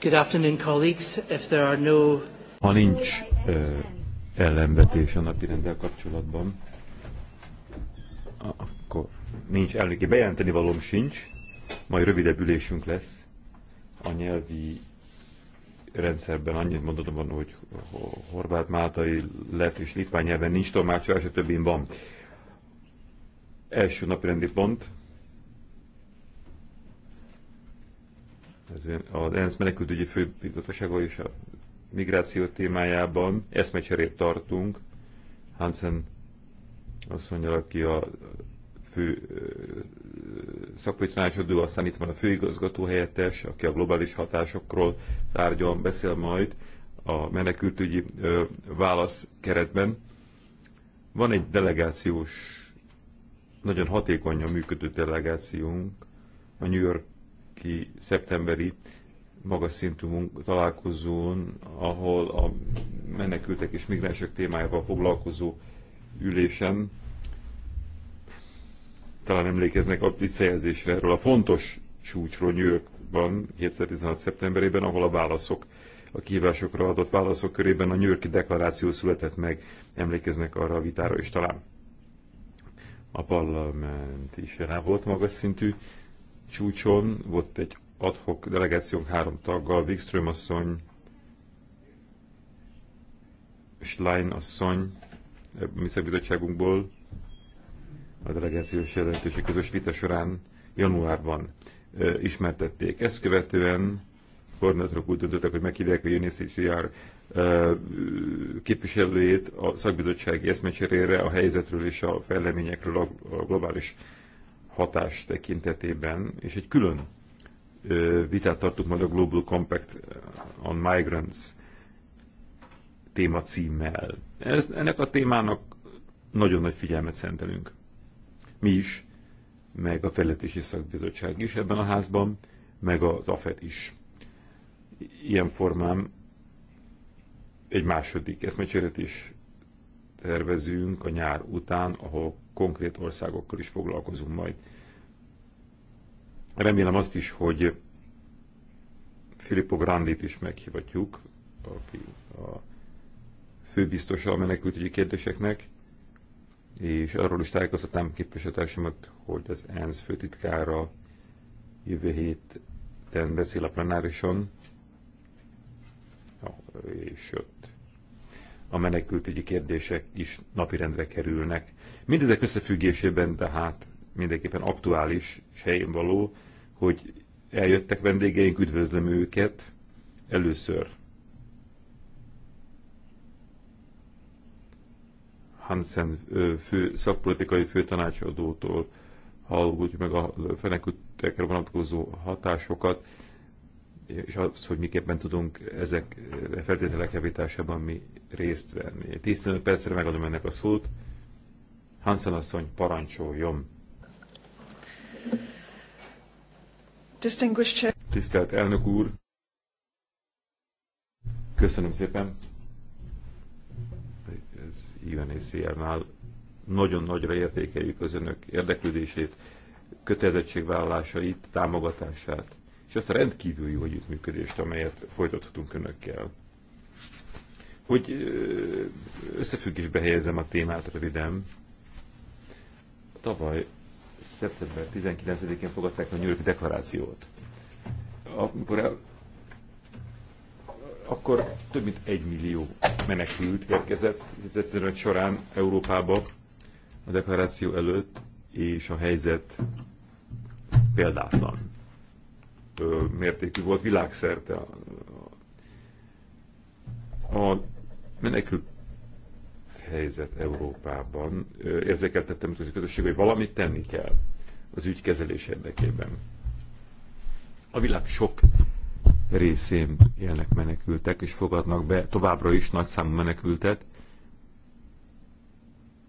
Good afternoon, colleagues. If there are no... Ha nincs ö, ellenvetés a rendel kapcsolatban, akkor nincs elnöki bejelenteni valóm sincs, majd rövidebb ülésünk lesz. A nyelvi rendszerben annyit mondatom, van, hogy horvát, máltai, lett és litván nyelven nincs tolmácsolás, a többén van. Első napirendi pont, az, az ENSZ menekültügyi főigazgatósága és a migráció témájában eszmecserét tartunk. Hansen mondja, aki a fő szakmai tanácsadó, aztán itt van a főigazgató helyettes, aki a globális hatásokról tárgyal, beszél majd a menekültügyi ö, válasz keretben. Van egy delegációs, nagyon hatékonyan működő delegációnk, a New York Helsinki szeptemberi magas szintű találkozón, ahol a menekültek és migránsok témájával foglalkozó ülésen talán emlékeznek a visszajelzésre erről a fontos csúcsról New Yorkban 2016. szeptemberében, ahol a válaszok, a kívásokra adott válaszok körében a New Yorki deklaráció született meg, emlékeznek arra a vitára is talán. A parlament is rá volt magas szintű csúcson volt egy adhok delegációnk három taggal, Wikström asszony, Schlein asszony, e, mi Bizottságunkból a delegációs jelentési közös vita során januárban e, ismertették. Ezt követően koordinátorok úgy döntöttek, hogy meghívják a UNCCR e, képviselőjét a szakbizottsági eszmecserére a helyzetről és a fejleményekről a, a globális hatás tekintetében, és egy külön vitát tartunk majd a Global Compact on Migrants téma címmel. Ez, ennek a témának nagyon nagy figyelmet szentelünk. Mi is, meg a Fejletési Szakbizottság is ebben a házban, meg az AFET is. Ilyen formán egy második eszmecseret is tervezünk a nyár után, ahol konkrét országokkal is foglalkozunk majd. Remélem azt is, hogy Filippo Grandit is meghivatjuk, aki a főbiztosa a menekültügyi kérdéseknek, és arról is tájékoztatám képviselőtársamat, hogy az ENSZ főtitkára jövő héten beszél a plenárison, és ott a menekültügyi kérdések is napirendre kerülnek. Mindezek összefüggésében tehát mindenképpen aktuális és helyén való, hogy eljöttek vendégeink, üdvözlöm őket először. Hansen fő, szakpolitikai főtanácsadótól hallgatjuk meg a fenekültekre vonatkozó hatásokat, és az, hogy miképpen tudunk ezek eh, feltételek javításában mi részt venni. 15 percre megadom ennek a szót. Hansen asszony, parancsoljon! Tisztelt elnök úr! Köszönöm szépen! Ez és nál nagyon nagyra értékeljük az önök érdeklődését, kötelezettségvállalásait, támogatását és azt a rendkívül jó együttműködést, amelyet folytathatunk önökkel. Hogy összefüggésbe helyezem a témát röviden, tavaly szeptember 19-én fogadták a New York deklarációt. Amikor akkor több mint egy millió menekült érkezett egyszerűen során Európába a deklaráció előtt, és a helyzet példátlan mértékű volt világszerte. A menekült helyzet Európában érzékeltettem a közösség, hogy valamit tenni kell az ügy érdekében. A világ sok részén élnek menekültek, és fogadnak be továbbra is nagy számú menekültet.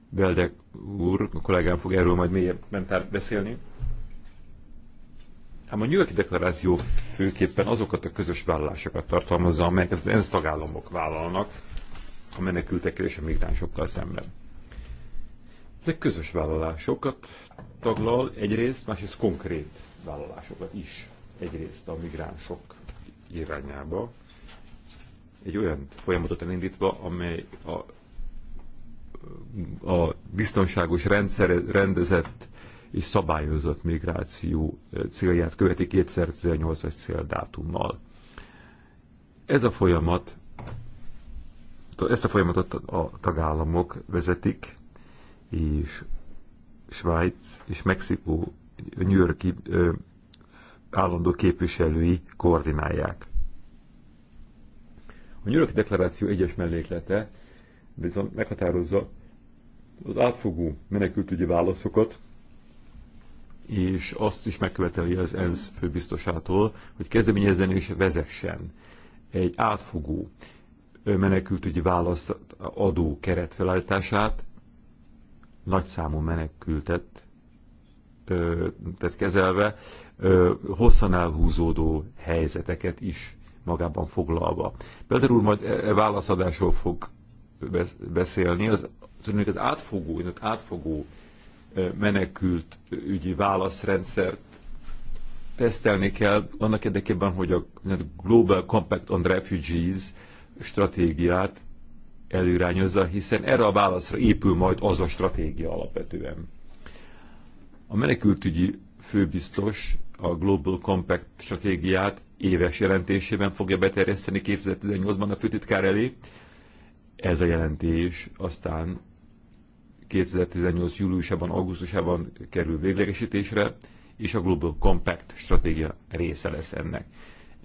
Beldek úr, a kollégám fog erről majd mélyebben beszélni. Ám a New Yorki deklaráció főképpen azokat a közös vállalásokat tartalmazza, amelyeket az ENSZ tagállamok vállalnak a menekültekkel és a migránsokkal szemben. Ezek közös vállalásokat taglal egyrészt, másrészt konkrét vállalásokat is egyrészt a migránsok irányába. Egy olyan folyamatot elindítva, amely a, a biztonságos rendszer, rendezett és szabályozott migráció célját követi 2018-as céldátummal. Ez a folyamat, ezt a folyamatot a tagállamok vezetik, és Svájc és Mexikó New Yorki állandó képviselői koordinálják. A New Yorki Deklaráció egyes melléklete viszont meghatározza az átfogó menekültügyi válaszokat, és azt is megköveteli az ENSZ főbiztosától, hogy kezdeményezzen és vezessen egy átfogó menekültügyi választ adó keret felállítását, nagyszámú menekültet tehát kezelve, hosszan elhúzódó helyzeteket is magában foglalva. Belder úr majd e, e válaszadásról fog beszélni, az, az, az átfogó, az átfogó menekült ügyi válaszrendszert tesztelni kell annak érdekében, hogy a Global Compact on Refugees stratégiát előrányozza, hiszen erre a válaszra épül majd az a stratégia alapvetően. A menekültügyi főbiztos a Global Compact stratégiát éves jelentésében fogja beterjeszteni 2018-ban a főtitkár elé. Ez a jelentés aztán 2018. júliusában, augusztusában kerül véglegesítésre, és a Global Compact stratégia része lesz ennek.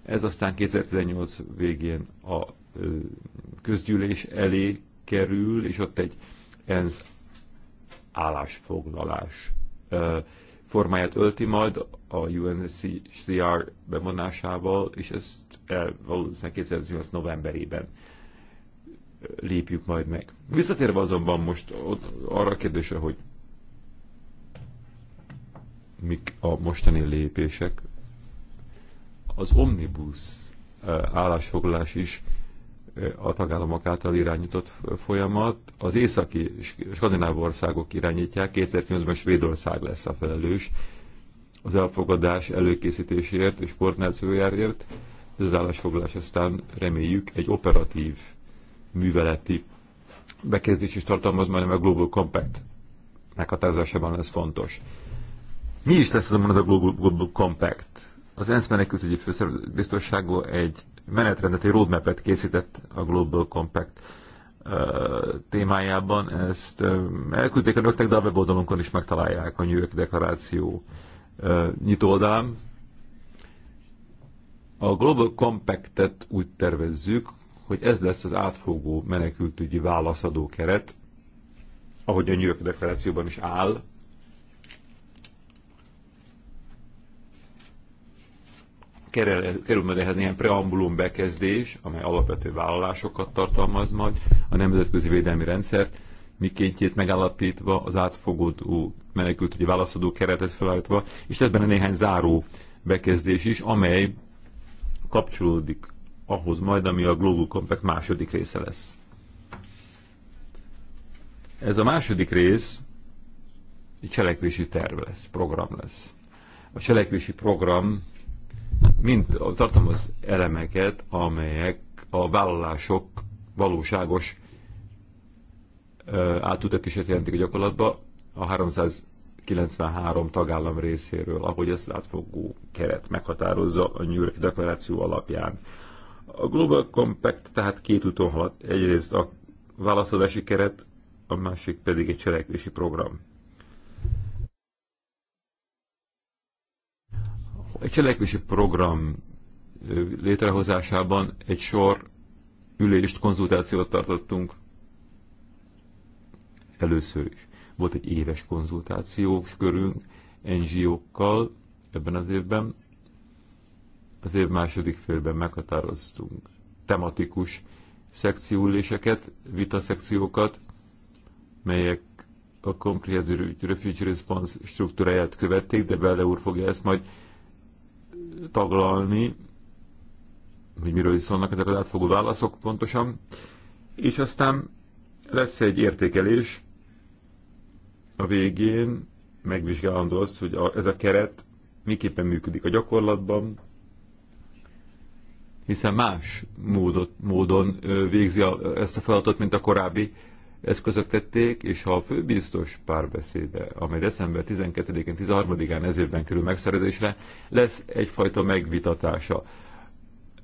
Ez aztán 2018 végén a közgyűlés elé kerül, és ott egy ENSZ állásfoglalás formáját ölti majd a UNSCR bevonásával, és ezt valószínűleg 2018 novemberében lépjük majd meg. Visszatérve azonban most arra a kérdésre, hogy mik a mostani lépések, az omnibus eh, állásfoglalás is eh, a tagállamok által irányított folyamat. Az északi skandináv országok irányítják, 2009-ben Svédország lesz a felelős az elfogadás előkészítéséért és koordinációjáért. Ez az állásfoglalás aztán reméljük egy operatív műveleti bekezdés is tartalmaz, mert a Global Compact meghatározásában ez fontos. Mi is lesz azonban ez a Global, Global Compact? Az ENSZ menekültügyi biztonságú egy menetrendet, egy roadmap-et készített a Global Compact témájában. Ezt elküldték önöknek, de a weboldalunkon is megtalálják a New York Deklaráció nyitó oldalán. A Global Compact-et úgy tervezzük, hogy ez lesz az átfogó menekültügyi válaszadó keret, ahogy a New York deklarációban is áll. Kerül, kerül majd ehhez néhány preambulum bekezdés, amely alapvető vállalásokat tartalmaz majd, a nemzetközi védelmi rendszert, mikéntjét megállapítva, az átfogó menekültügyi válaszadó keretet felállítva, és lesz benne néhány záró bekezdés is, amely kapcsolódik ahhoz majd, ami a Global Compact második része lesz. Ez a második rész egy cselekvési terv lesz, program lesz. A cselekvési program mind tartalmaz elemeket, amelyek a vállalások valóságos átutatását jelentik a gyakorlatba a 393 tagállam részéről, ahogy ezt átfogó keret meghatározza a New York Deklaráció alapján. A Global Compact tehát két úton halad. Egyrészt a válaszadási keret, a másik pedig egy cselekvési program. Egy cselekvési program létrehozásában egy sor ülést, konzultációt tartottunk először is. Volt egy éves konzultáció körünk NGO-kkal ebben az évben, az év második félben meghatároztunk tematikus szekcióüléseket, vitaszekciókat, melyek a Comprehensive Refugee Response struktúráját követték, de Bele úr fogja ezt majd taglalni, hogy miről is szólnak ezek az átfogó válaszok pontosan. És aztán lesz egy értékelés a végén, megvizsgálandó az, hogy a, ez a keret miképpen működik a gyakorlatban, hiszen más módot, módon végzi a, ezt a feladatot, mint a korábbi eszközök tették, és ha a főbiztos párbeszéde, amely december 12-én, 13-án ez évben kerül megszerezésre, lesz egyfajta megvitatása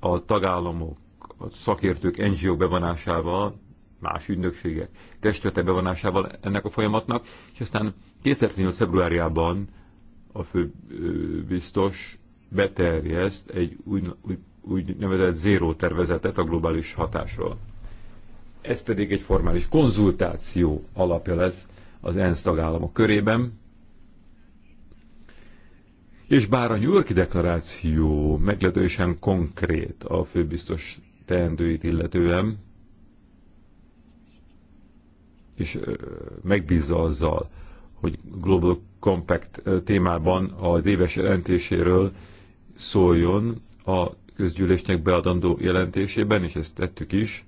a tagállamok, a szakértők, NGO bevonásával, más ügynökségek, testvete bevonásával ennek a folyamatnak, és aztán 2018. februárjában a fő biztos beterjeszt egy úgy, úgy úgynevezett zéró tervezetet a globális hatásról. Ez pedig egy formális konzultáció alapja lesz az ENSZ tagállamok körében, és bár a New Yorki deklaráció meglehetősen konkrét a főbiztos teendőit illetően, és megbízza azzal, hogy Global Compact témában az éves jelentéséről szóljon, a közgyűlésnek beadandó jelentésében, és ezt tettük is,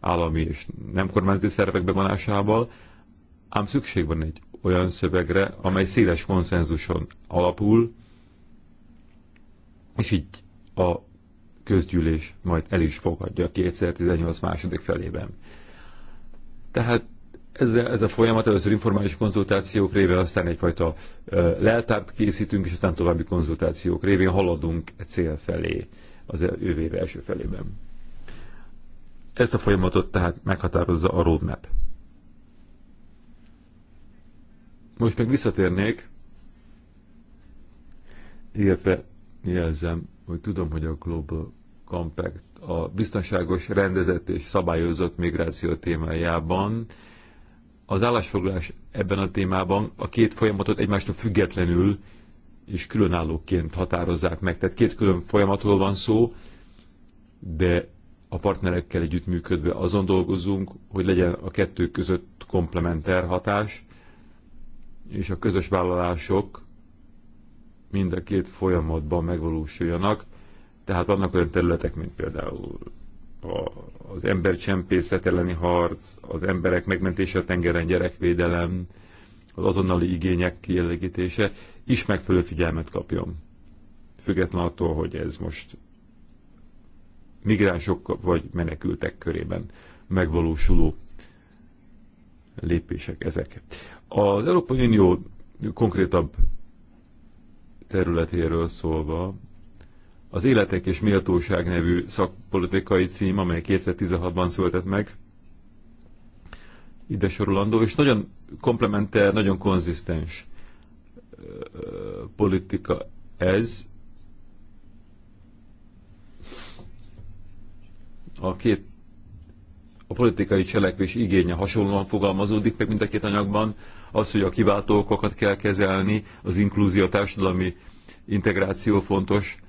állami és nem kormányzati szervek bevonásával, ám szükség van egy olyan szövegre, amely széles konszenzuson alapul, és így a közgyűlés majd el is fogadja 2018 második felében. Tehát ez, a, ez a folyamat először informális konzultációk révén, aztán egyfajta leltárt készítünk, és aztán további konzultációk révén haladunk e cél felé az e, jövő év első felében. Ezt a folyamatot tehát meghatározza a roadmap. Most meg visszatérnék, illetve jelzem, hogy tudom, hogy a Global Compact a biztonságos, rendezett és szabályozott migráció témájában az állásfoglalás ebben a témában a két folyamatot egymástól függetlenül és különállóként határozzák meg. Tehát két külön folyamatról van szó, de a partnerekkel együttműködve azon dolgozunk, hogy legyen a kettő között komplementer hatás, és a közös vállalások mind a két folyamatban megvalósuljanak. Tehát vannak olyan területek, mint például a, az embercsempészet elleni harc, az emberek megmentése a tengeren, gyerekvédelem, az azonnali igények kielégítése is megfelelő figyelmet kapjon. Független attól, hogy ez most migránsok vagy menekültek körében megvalósuló lépések ezek. Az Európai Unió konkrétabb területéről szólva az Életek és Méltóság nevű szakpolitikai cím, amely 2016-ban született meg, ide sorolandó, és nagyon komplementer, nagyon konzisztens politika ez. A két a politikai cselekvés igénye hasonlóan fogalmazódik meg mind a két anyagban, az, hogy a kiváltókokat kell kezelni, az inkluzió, a társadalmi integráció fontos,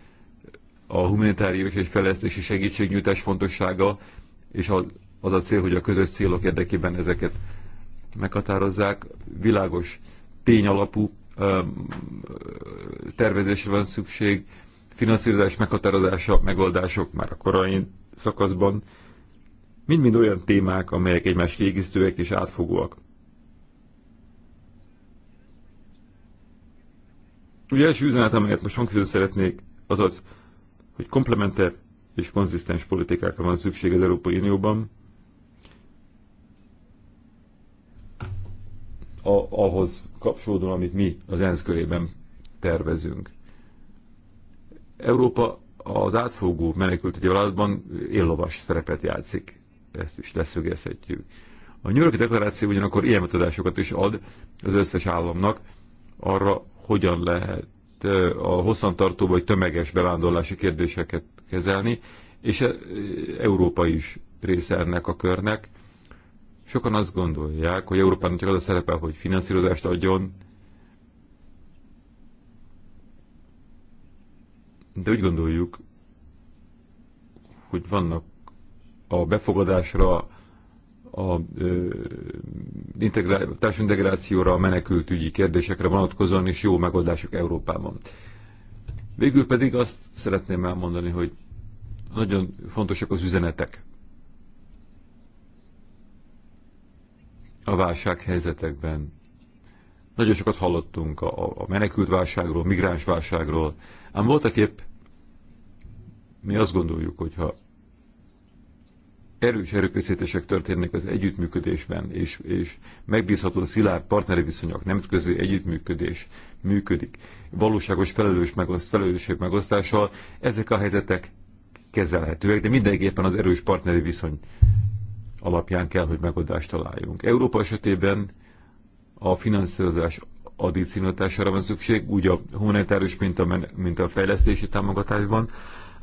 a humanitárius és fejlesztési segítségnyújtás fontossága, és az, az a cél, hogy a közös célok érdekében ezeket meghatározzák. Világos tényalapú tervezésre van szükség, finanszírozás meghatározása, megoldások már a korai szakaszban, mind-mind olyan témák, amelyek egymást kiegészítőek és átfogóak. Ugye első üzenet, amelyet most hangsúlyozni szeretnék, az az, hogy komplementer és konzisztens politikákra van szükség az Európai Unióban, a, ahhoz kapcsolódóan, amit mi az ENSZ körében tervezünk. Európa az átfogó menekültügyi vállalatban éllovas szerepet játszik, ezt is leszögezhetjük. A New York deklaráció ugyanakkor ilyen is ad az összes államnak arra, hogyan lehet a hosszantartó vagy tömeges bevándorlási kérdéseket kezelni, és e, Európa is része ennek a körnek. Sokan azt gondolják, hogy Európának csak az a szerepe, hogy finanszírozást adjon, de úgy gondoljuk, hogy vannak a befogadásra, a integrá- társadalmi a menekültügyi kérdésekre vonatkozóan is jó megoldások Európában. Végül pedig azt szeretném elmondani, hogy nagyon fontosak az üzenetek a válsághelyzetekben. Nagyon sokat hallottunk a, a menekült válságról, migráns válságról, ám voltak épp mi azt gondoljuk, hogy ha erős erőfeszítések történnek az együttműködésben, és, és megbízható szilárd partneri viszonyok, nemzetközi együttműködés működik, valóságos felelős megoszt, felelősség megosztással, ezek a helyzetek kezelhetőek, de mindenképpen az erős partneri viszony alapján kell, hogy megoldást találjunk. Európa esetében a finanszírozás adicionatására van szükség, úgy a humanitárius, mint a, mint a fejlesztési támogatásban,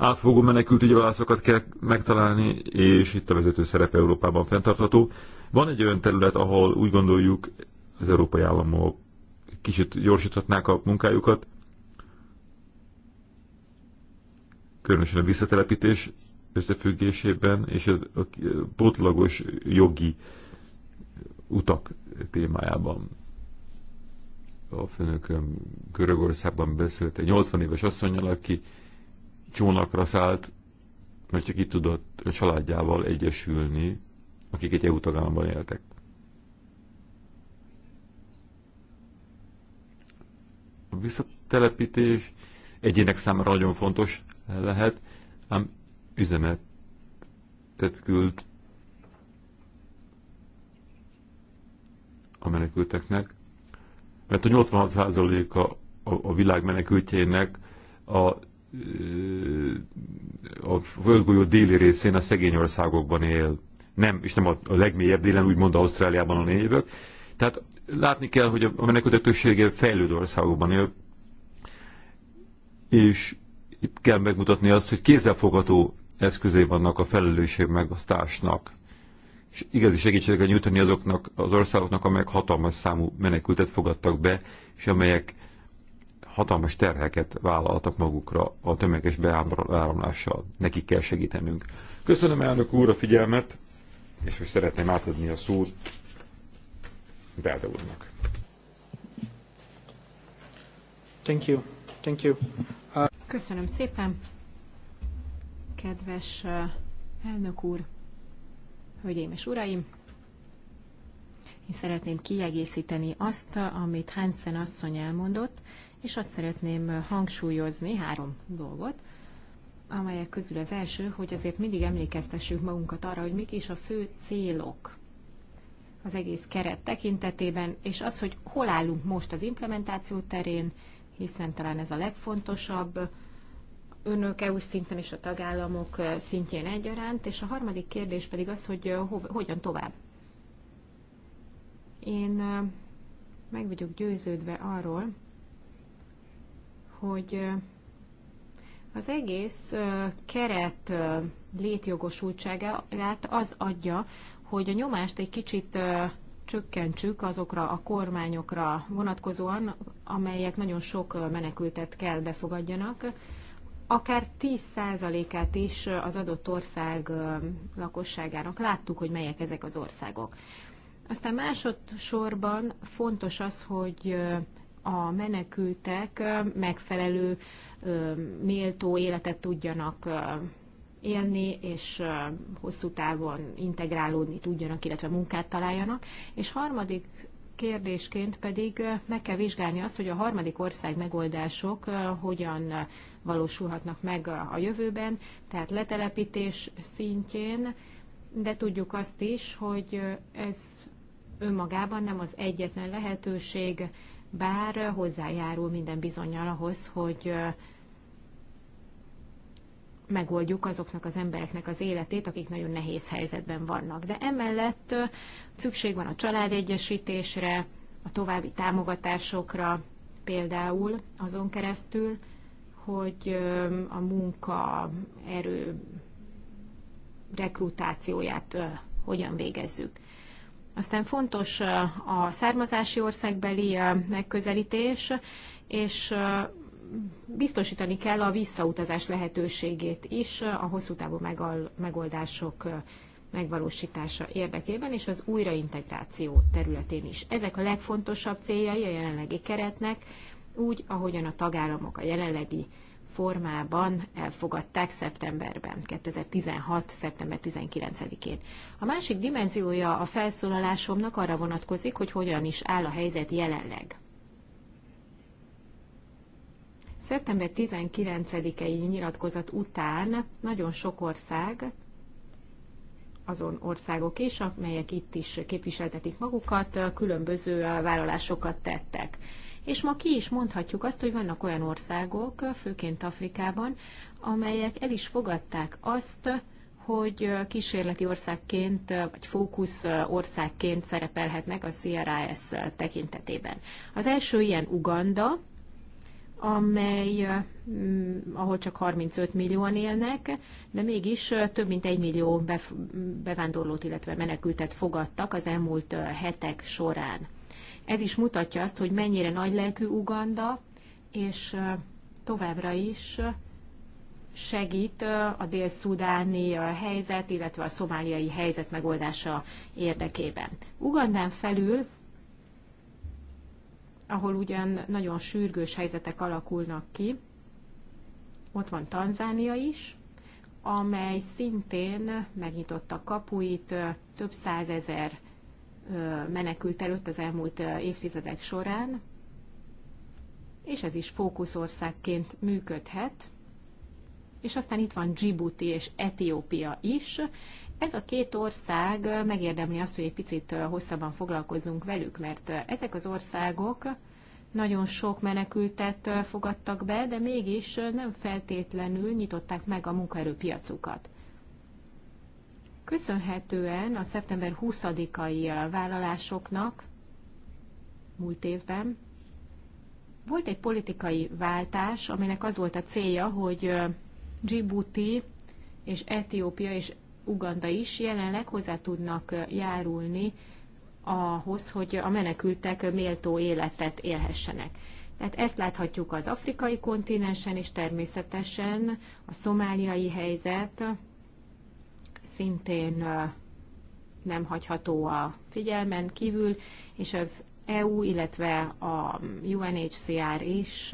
átfogó menekült válaszokat kell megtalálni, és itt a vezető szerepe Európában fenntartható. Van egy olyan terület, ahol úgy gondoljuk, az európai államok kicsit gyorsíthatnák a munkájukat, különösen a visszatelepítés összefüggésében, és ez a pótlagos jogi utak témájában. A főnököm Görögországban beszélt egy 80 éves asszonyjal, aki csónakra szállt, mert csak itt tudott a családjával egyesülni, akik egy EU tagállamban éltek. A visszatelepítés egyének számára nagyon fontos lehet, ám üzemet küld a menekülteknek, mert a 86%-a a, a világ menekültjének a a földgolyó déli részén a szegény országokban él. Nem, és nem a, a legmélyebb délen, úgymond Ausztráliában a névök. Tehát látni kell, hogy a menekültek többsége fejlődő országokban él, és itt kell megmutatni azt, hogy kézzelfogható eszközé vannak a felelősség megosztásnak. És igazi segítséget nyújtani azoknak az országoknak, amelyek hatalmas számú menekültet fogadtak be, és amelyek hatalmas terheket vállaltak magukra a tömeges beáramlással. Nekik kell segítenünk. Köszönöm elnök úr a figyelmet, és most szeretném átadni a szót Belde úrnak. Thank you. Thank you. Uh... Köszönöm szépen, kedves uh, elnök úr, hölgyeim és uraim! Én szeretném kiegészíteni azt, uh, amit Hansen asszony elmondott, és azt szeretném hangsúlyozni három dolgot, amelyek közül az első, hogy azért mindig emlékeztessük magunkat arra, hogy mik is a fő célok az egész keret tekintetében, és az, hogy hol állunk most az implementáció terén, hiszen talán ez a legfontosabb önök EU szinten és a tagállamok szintjén egyaránt, és a harmadik kérdés pedig az, hogy hogyan tovább. Én meg vagyok győződve arról, hogy az egész keret létjogosultságát az adja, hogy a nyomást egy kicsit csökkentsük azokra a kormányokra vonatkozóan, amelyek nagyon sok menekültet kell befogadjanak, akár 10%-át is az adott ország lakosságának. Láttuk, hogy melyek ezek az országok. Aztán másodszorban fontos az, hogy a menekültek megfelelő méltó életet tudjanak élni, és hosszú távon integrálódni tudjanak, illetve munkát találjanak. És harmadik kérdésként pedig meg kell vizsgálni azt, hogy a harmadik ország megoldások hogyan valósulhatnak meg a jövőben, tehát letelepítés szintjén, de tudjuk azt is, hogy ez önmagában nem az egyetlen lehetőség bár hozzájárul minden bizonyal ahhoz, hogy megoldjuk azoknak az embereknek az életét, akik nagyon nehéz helyzetben vannak. De emellett szükség van a családegyesítésre, a további támogatásokra, például azon keresztül, hogy a munka erő rekrutációját hogyan végezzük. Aztán fontos a származási országbeli megközelítés, és biztosítani kell a visszautazás lehetőségét is a hosszú távú megoldások megvalósítása érdekében, és az újraintegráció területén is. Ezek a legfontosabb céljai a jelenlegi keretnek, úgy, ahogyan a tagállamok a jelenlegi formában elfogadták szeptemberben, 2016. szeptember 19-én. A másik dimenziója a felszólalásomnak arra vonatkozik, hogy hogyan is áll a helyzet jelenleg. Szeptember 19-i nyilatkozat után nagyon sok ország, azon országok is, amelyek itt is képviseltetik magukat, különböző vállalásokat tettek és ma ki is mondhatjuk azt, hogy vannak olyan országok, főként Afrikában, amelyek el is fogadták azt, hogy kísérleti országként, vagy fókusz országként szerepelhetnek a CRIS tekintetében. Az első ilyen Uganda, amely, mm, ahol csak 35 millióan élnek, de mégis több mint egy millió bevándorlót, illetve menekültet fogadtak az elmúlt hetek során. Ez is mutatja azt, hogy mennyire nagy lelkű Uganda, és továbbra is segít a dél-szudáni helyzet, illetve a szomáliai helyzet megoldása érdekében. Ugandán felül, ahol ugyan nagyon sürgős helyzetek alakulnak ki, ott van Tanzánia is, amely szintén megnyitotta kapuit több százezer menekült előtt az elmúlt évtizedek során, és ez is fókuszországként működhet. És aztán itt van Djibouti és Etiópia is. Ez a két ország megérdemli azt, hogy egy picit hosszabban foglalkozzunk velük, mert ezek az országok nagyon sok menekültet fogadtak be, de mégis nem feltétlenül nyitották meg a munkaerőpiacukat. Köszönhetően a szeptember 20-ai uh, vállalásoknak múlt évben volt egy politikai váltás, aminek az volt a célja, hogy uh, Djibouti és Etiópia és Uganda is jelenleg hozzá tudnak uh, járulni ahhoz, hogy a menekültek méltó életet élhessenek. Tehát ezt láthatjuk az afrikai kontinensen, és természetesen a szomáliai helyzet szintén nem hagyható a figyelmen kívül, és az EU, illetve a UNHCR is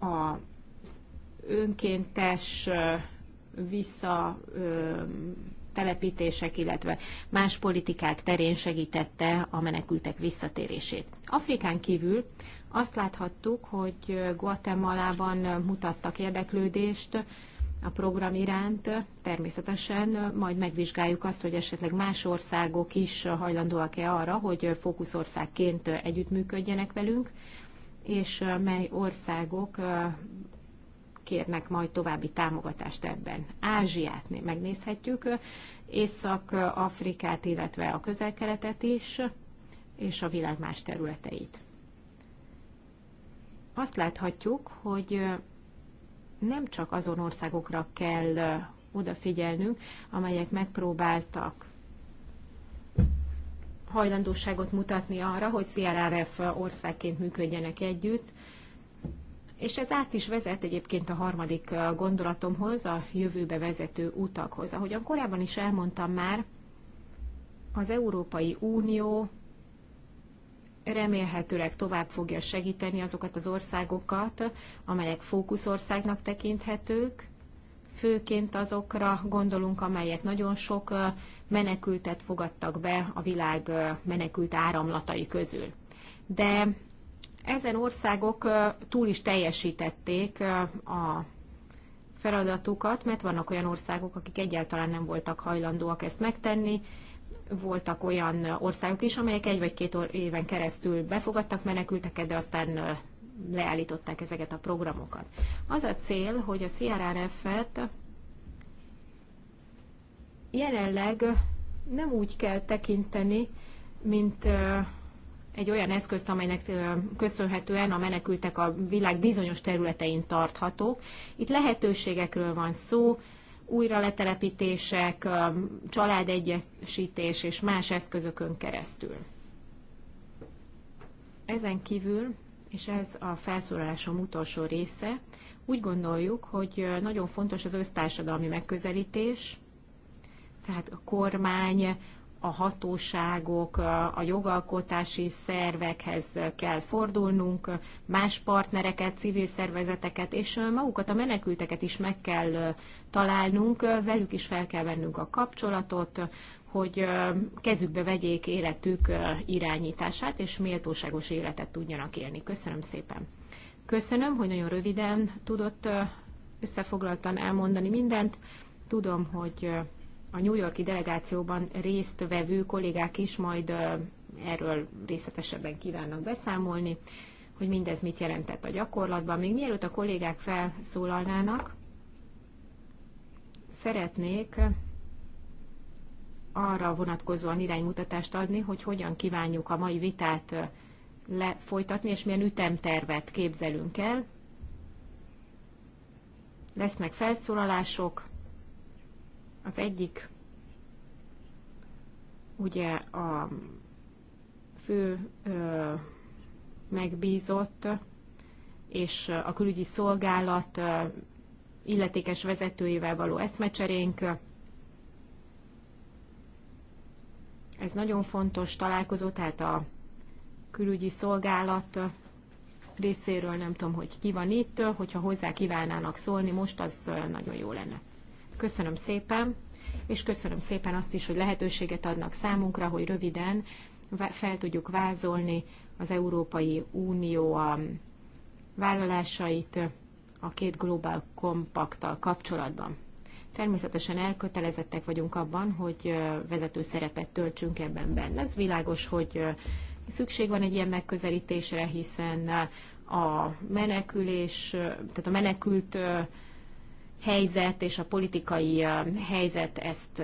a önkéntes visszatelepítések, illetve más politikák terén segítette a menekültek visszatérését. Afrikán kívül azt láthattuk, hogy Guatemalában mutattak érdeklődést a program iránt. Természetesen majd megvizsgáljuk azt, hogy esetleg más országok is hajlandóak-e arra, hogy fókuszországként együttműködjenek velünk, és mely országok kérnek majd további támogatást ebben. Ázsiát megnézhetjük, Észak-Afrikát, illetve a közel is, és a világ más területeit azt láthatjuk, hogy nem csak azon országokra kell odafigyelnünk, amelyek megpróbáltak hajlandóságot mutatni arra, hogy CRRF országként működjenek együtt, és ez át is vezet egyébként a harmadik gondolatomhoz, a jövőbe vezető utakhoz. Ahogyan korábban is elmondtam már, az Európai Unió remélhetőleg tovább fogja segíteni azokat az országokat, amelyek fókuszországnak tekinthetők, főként azokra gondolunk, amelyek nagyon sok menekültet fogadtak be a világ menekült áramlatai közül. De ezen országok túl is teljesítették a feladatukat, mert vannak olyan országok, akik egyáltalán nem voltak hajlandóak ezt megtenni, voltak olyan országok is, amelyek egy vagy két éven keresztül befogadtak menekülteket, de aztán leállították ezeket a programokat. Az a cél, hogy a CRRF-et jelenleg nem úgy kell tekinteni, mint egy olyan eszközt, amelynek köszönhetően a menekültek a világ bizonyos területein tarthatók. Itt lehetőségekről van szó, újraletelepítések, családegyesítés és más eszközökön keresztül. Ezen kívül, és ez a felszólalásom utolsó része, úgy gondoljuk, hogy nagyon fontos az össztársadalmi megközelítés, tehát a kormány, a hatóságok, a jogalkotási szervekhez kell fordulnunk, más partnereket, civil szervezeteket, és magukat a menekülteket is meg kell találnunk, velük is fel kell vennünk a kapcsolatot, hogy kezükbe vegyék életük irányítását, és méltóságos életet tudjanak élni. Köszönöm szépen! Köszönöm, hogy nagyon röviden tudott összefoglaltan elmondani mindent. Tudom, hogy a New Yorki delegációban részt vevő kollégák is majd erről részletesebben kívánnak beszámolni, hogy mindez mit jelentett a gyakorlatban. Még mielőtt a kollégák felszólalnának, szeretnék arra vonatkozóan iránymutatást adni, hogy hogyan kívánjuk a mai vitát lefolytatni, és milyen ütemtervet képzelünk el. Lesznek felszólalások, az egyik ugye a fő ö, megbízott és a külügyi szolgálat illetékes vezetőjével való eszmecserénk. Ez nagyon fontos találkozó, tehát a külügyi szolgálat részéről nem tudom, hogy ki van itt, hogyha hozzá kívánnának szólni, most az nagyon jó lenne. Köszönöm szépen, és köszönöm szépen azt is, hogy lehetőséget adnak számunkra, hogy röviden fel tudjuk vázolni az Európai Unió a vállalásait a két globál kompaktal kapcsolatban. Természetesen elkötelezettek vagyunk abban, hogy vezető szerepet töltsünk ebben benne. Ez világos, hogy szükség van egy ilyen megközelítésre, hiszen a menekülés, tehát a menekült helyzet és a politikai helyzet ezt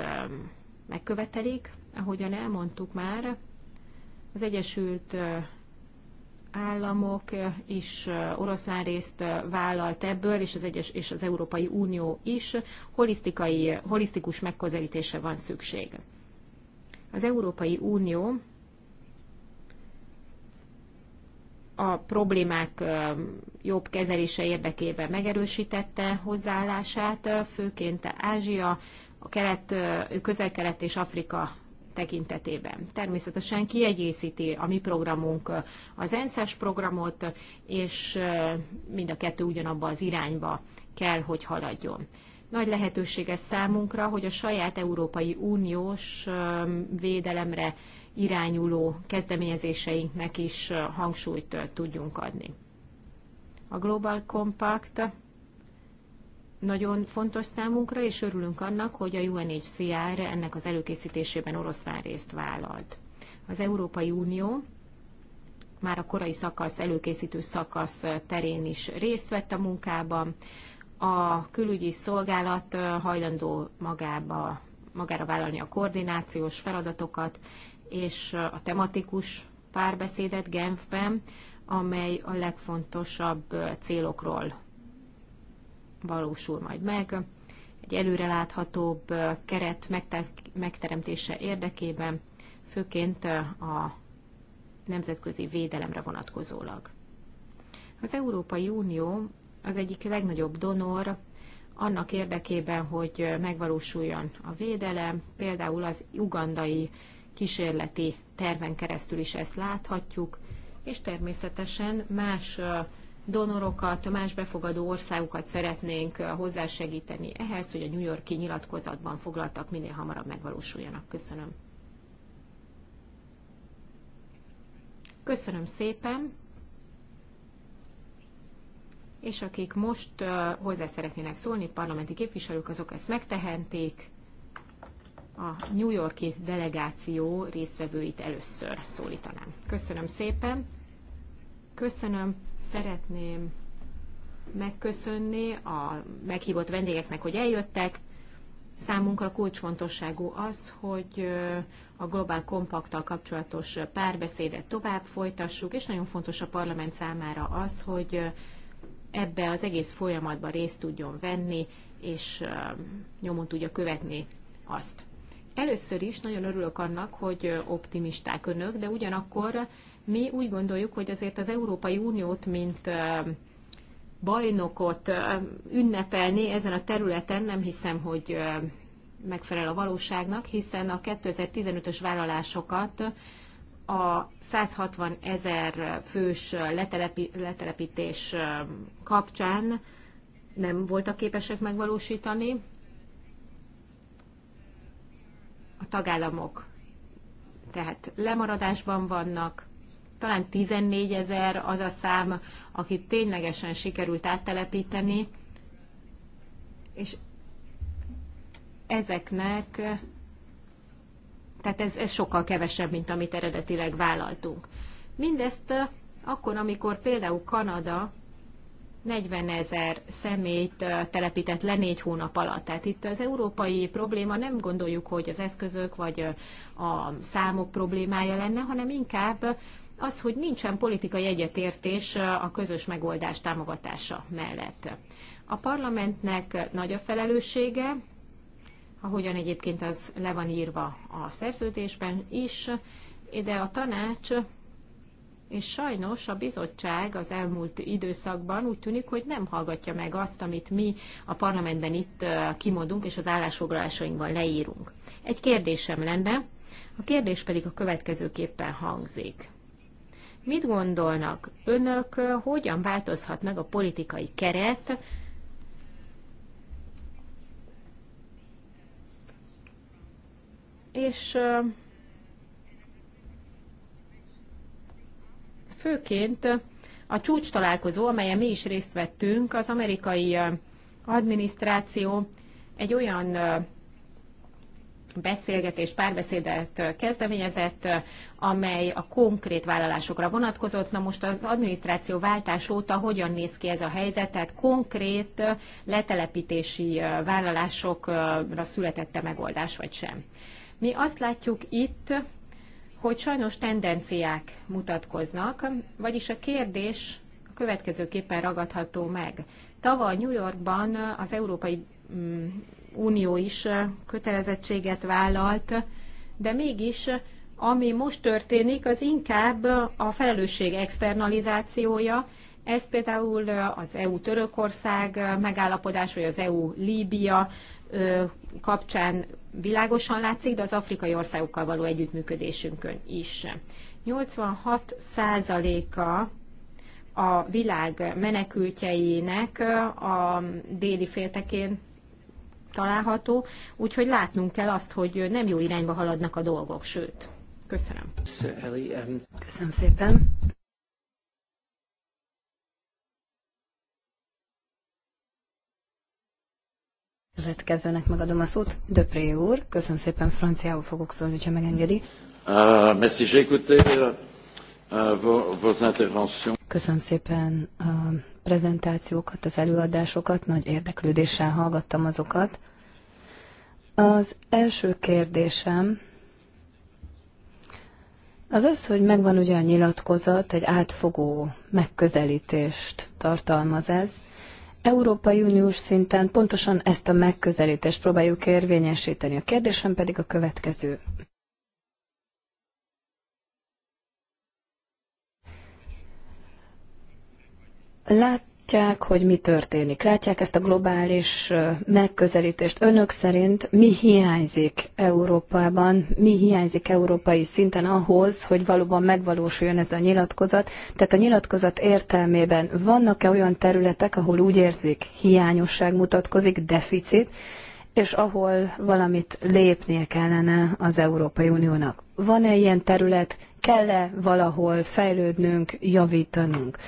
megkövetelik. Ahogyan elmondtuk már, az Egyesült államok is oroszlán részt vállalt ebből, és az, egyes, és az Európai Unió is holisztikai, holisztikus megközelítése van szükség. Az Európai Unió a problémák jobb kezelése érdekében megerősítette hozzáállását, főként Ázsia, a kelet, közel-kelet és Afrika tekintetében. Természetesen kiegészíti a mi programunk az ensz programot, és mind a kettő ugyanabba az irányba kell, hogy haladjon. Nagy lehetőség ez számunkra, hogy a saját Európai Uniós védelemre irányuló kezdeményezéseinknek is hangsúlyt tudjunk adni. A Global Compact nagyon fontos számunkra, és örülünk annak, hogy a UNHCR ennek az előkészítésében oroszlán részt vállalt. Az Európai Unió már a korai szakasz, előkészítő szakasz terén is részt vett a munkában. A külügyi szolgálat hajlandó magába, magára vállalni a koordinációs feladatokat, és a tematikus párbeszédet Genfben, amely a legfontosabb célokról valósul majd meg. Egy előreláthatóbb keret megteremtése érdekében, főként a nemzetközi védelemre vonatkozólag. Az Európai Unió az egyik legnagyobb donor annak érdekében, hogy megvalósuljon a védelem, például az ugandai kísérleti terven keresztül is ezt láthatjuk, és természetesen más donorokat, más befogadó országokat szeretnénk hozzásegíteni ehhez, hogy a New Yorki nyilatkozatban foglaltak minél hamarabb megvalósuljanak. Köszönöm. Köszönöm szépen! És akik most hozzá szeretnének szólni, parlamenti képviselők, azok ezt megtehenték a New Yorki delegáció résztvevőit először szólítanám. Köszönöm szépen. Köszönöm, szeretném megköszönni a meghívott vendégeknek, hogy eljöttek. Számunkra kulcsfontosságú az, hogy a Global Compacttal kapcsolatos párbeszédet tovább folytassuk, és nagyon fontos a parlament számára az, hogy ebbe az egész folyamatban részt tudjon venni, és nyomon tudja követni azt. Először is nagyon örülök annak, hogy optimisták önök, de ugyanakkor mi úgy gondoljuk, hogy azért az Európai Uniót, mint bajnokot ünnepelni ezen a területen nem hiszem, hogy megfelel a valóságnak, hiszen a 2015-ös vállalásokat a 160 ezer fős letelepi, letelepítés kapcsán nem voltak képesek megvalósítani, a tagállamok tehát lemaradásban vannak, talán 14 ezer az a szám, akit ténylegesen sikerült áttelepíteni, és ezeknek, tehát ez, ez sokkal kevesebb, mint amit eredetileg vállaltunk. Mindezt akkor, amikor például Kanada 40 ezer szemét telepített le négy hónap alatt. Tehát itt az európai probléma nem gondoljuk, hogy az eszközök vagy a számok problémája lenne, hanem inkább az, hogy nincsen politikai egyetértés a közös megoldás támogatása mellett. A parlamentnek nagy a felelőssége, ahogyan egyébként az le van írva a szerződésben is, de a tanács és sajnos a bizottság az elmúlt időszakban úgy tűnik, hogy nem hallgatja meg azt, amit mi a parlamentben itt kimondunk, és az állásfoglalásainkban leírunk. Egy kérdésem lenne, a kérdés pedig a következőképpen hangzik. Mit gondolnak önök, hogyan változhat meg a politikai keret, és Főként a csúcs találkozó, amelyen mi is részt vettünk, az amerikai adminisztráció egy olyan beszélgetés, párbeszédet kezdeményezett, amely a konkrét vállalásokra vonatkozott. Na most az adminisztráció váltás óta hogyan néz ki ez a helyzet? Tehát konkrét letelepítési vállalásokra születette megoldás, vagy sem? Mi azt látjuk itt, hogy sajnos tendenciák mutatkoznak, vagyis a kérdés a következőképpen ragadható meg. Tavaly New Yorkban az Európai mm, Unió is kötelezettséget vállalt, de mégis ami most történik, az inkább a felelősség externalizációja, ez például az EU-Törökország megállapodás, vagy az EU-Líbia kapcsán világosan látszik, de az afrikai országokkal való együttműködésünkön is. 86%-a a világ menekültjeinek a déli féltekén található, úgyhogy látnunk kell azt, hogy nem jó irányba haladnak a dolgok, sőt. Köszönöm. Köszönöm szépen. következőnek megadom a szót. Döpré úr, köszönöm szépen, franciául fogok szólni, ha megengedi. Uh, merci, j'ai écouté uh, vos, vos interventions. Köszönöm szépen a prezentációkat, az előadásokat, nagy érdeklődéssel hallgattam azokat. Az első kérdésem az az, hogy megvan ugye a nyilatkozat, egy átfogó megközelítést tartalmaz ez, Európai Uniós szinten pontosan ezt a megközelítést próbáljuk érvényesíteni. A kérdésem pedig a következő. Lát, látják, hogy mi történik. Látják ezt a globális megközelítést. Önök szerint mi hiányzik Európában, mi hiányzik európai szinten ahhoz, hogy valóban megvalósuljon ez a nyilatkozat? Tehát a nyilatkozat értelmében vannak-e olyan területek, ahol úgy érzik hiányosság mutatkozik, deficit, és ahol valamit lépnie kellene az Európai Uniónak. Van-e ilyen terület, kell-e valahol fejlődnünk, javítanunk?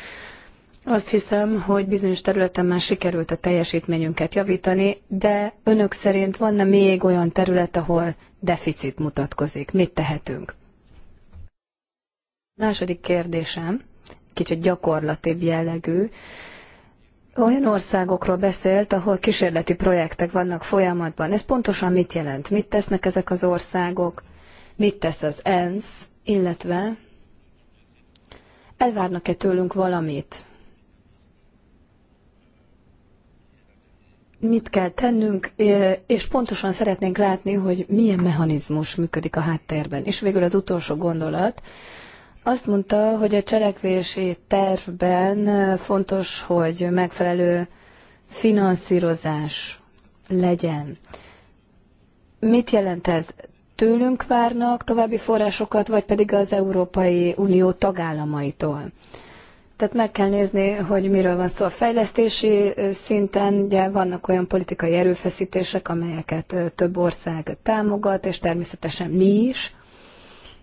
Azt hiszem, hogy bizonyos területen már sikerült a teljesítményünket javítani, de önök szerint van-e még olyan terület, ahol deficit mutatkozik? Mit tehetünk? Második kérdésem, kicsit gyakorlatibb jellegű. Olyan országokról beszélt, ahol kísérleti projektek vannak folyamatban. Ez pontosan mit jelent? Mit tesznek ezek az országok? Mit tesz az ENSZ? Illetve elvárnak-e tőlünk valamit? mit kell tennünk, és pontosan szeretnénk látni, hogy milyen mechanizmus működik a háttérben. És végül az utolsó gondolat, azt mondta, hogy a cselekvési tervben fontos, hogy megfelelő finanszírozás legyen. Mit jelent ez? Tőlünk várnak további forrásokat, vagy pedig az Európai Unió tagállamaitól? Tehát meg kell nézni, hogy miről van szó a fejlesztési szinten. Ugye vannak olyan politikai erőfeszítések, amelyeket több ország támogat, és természetesen mi is.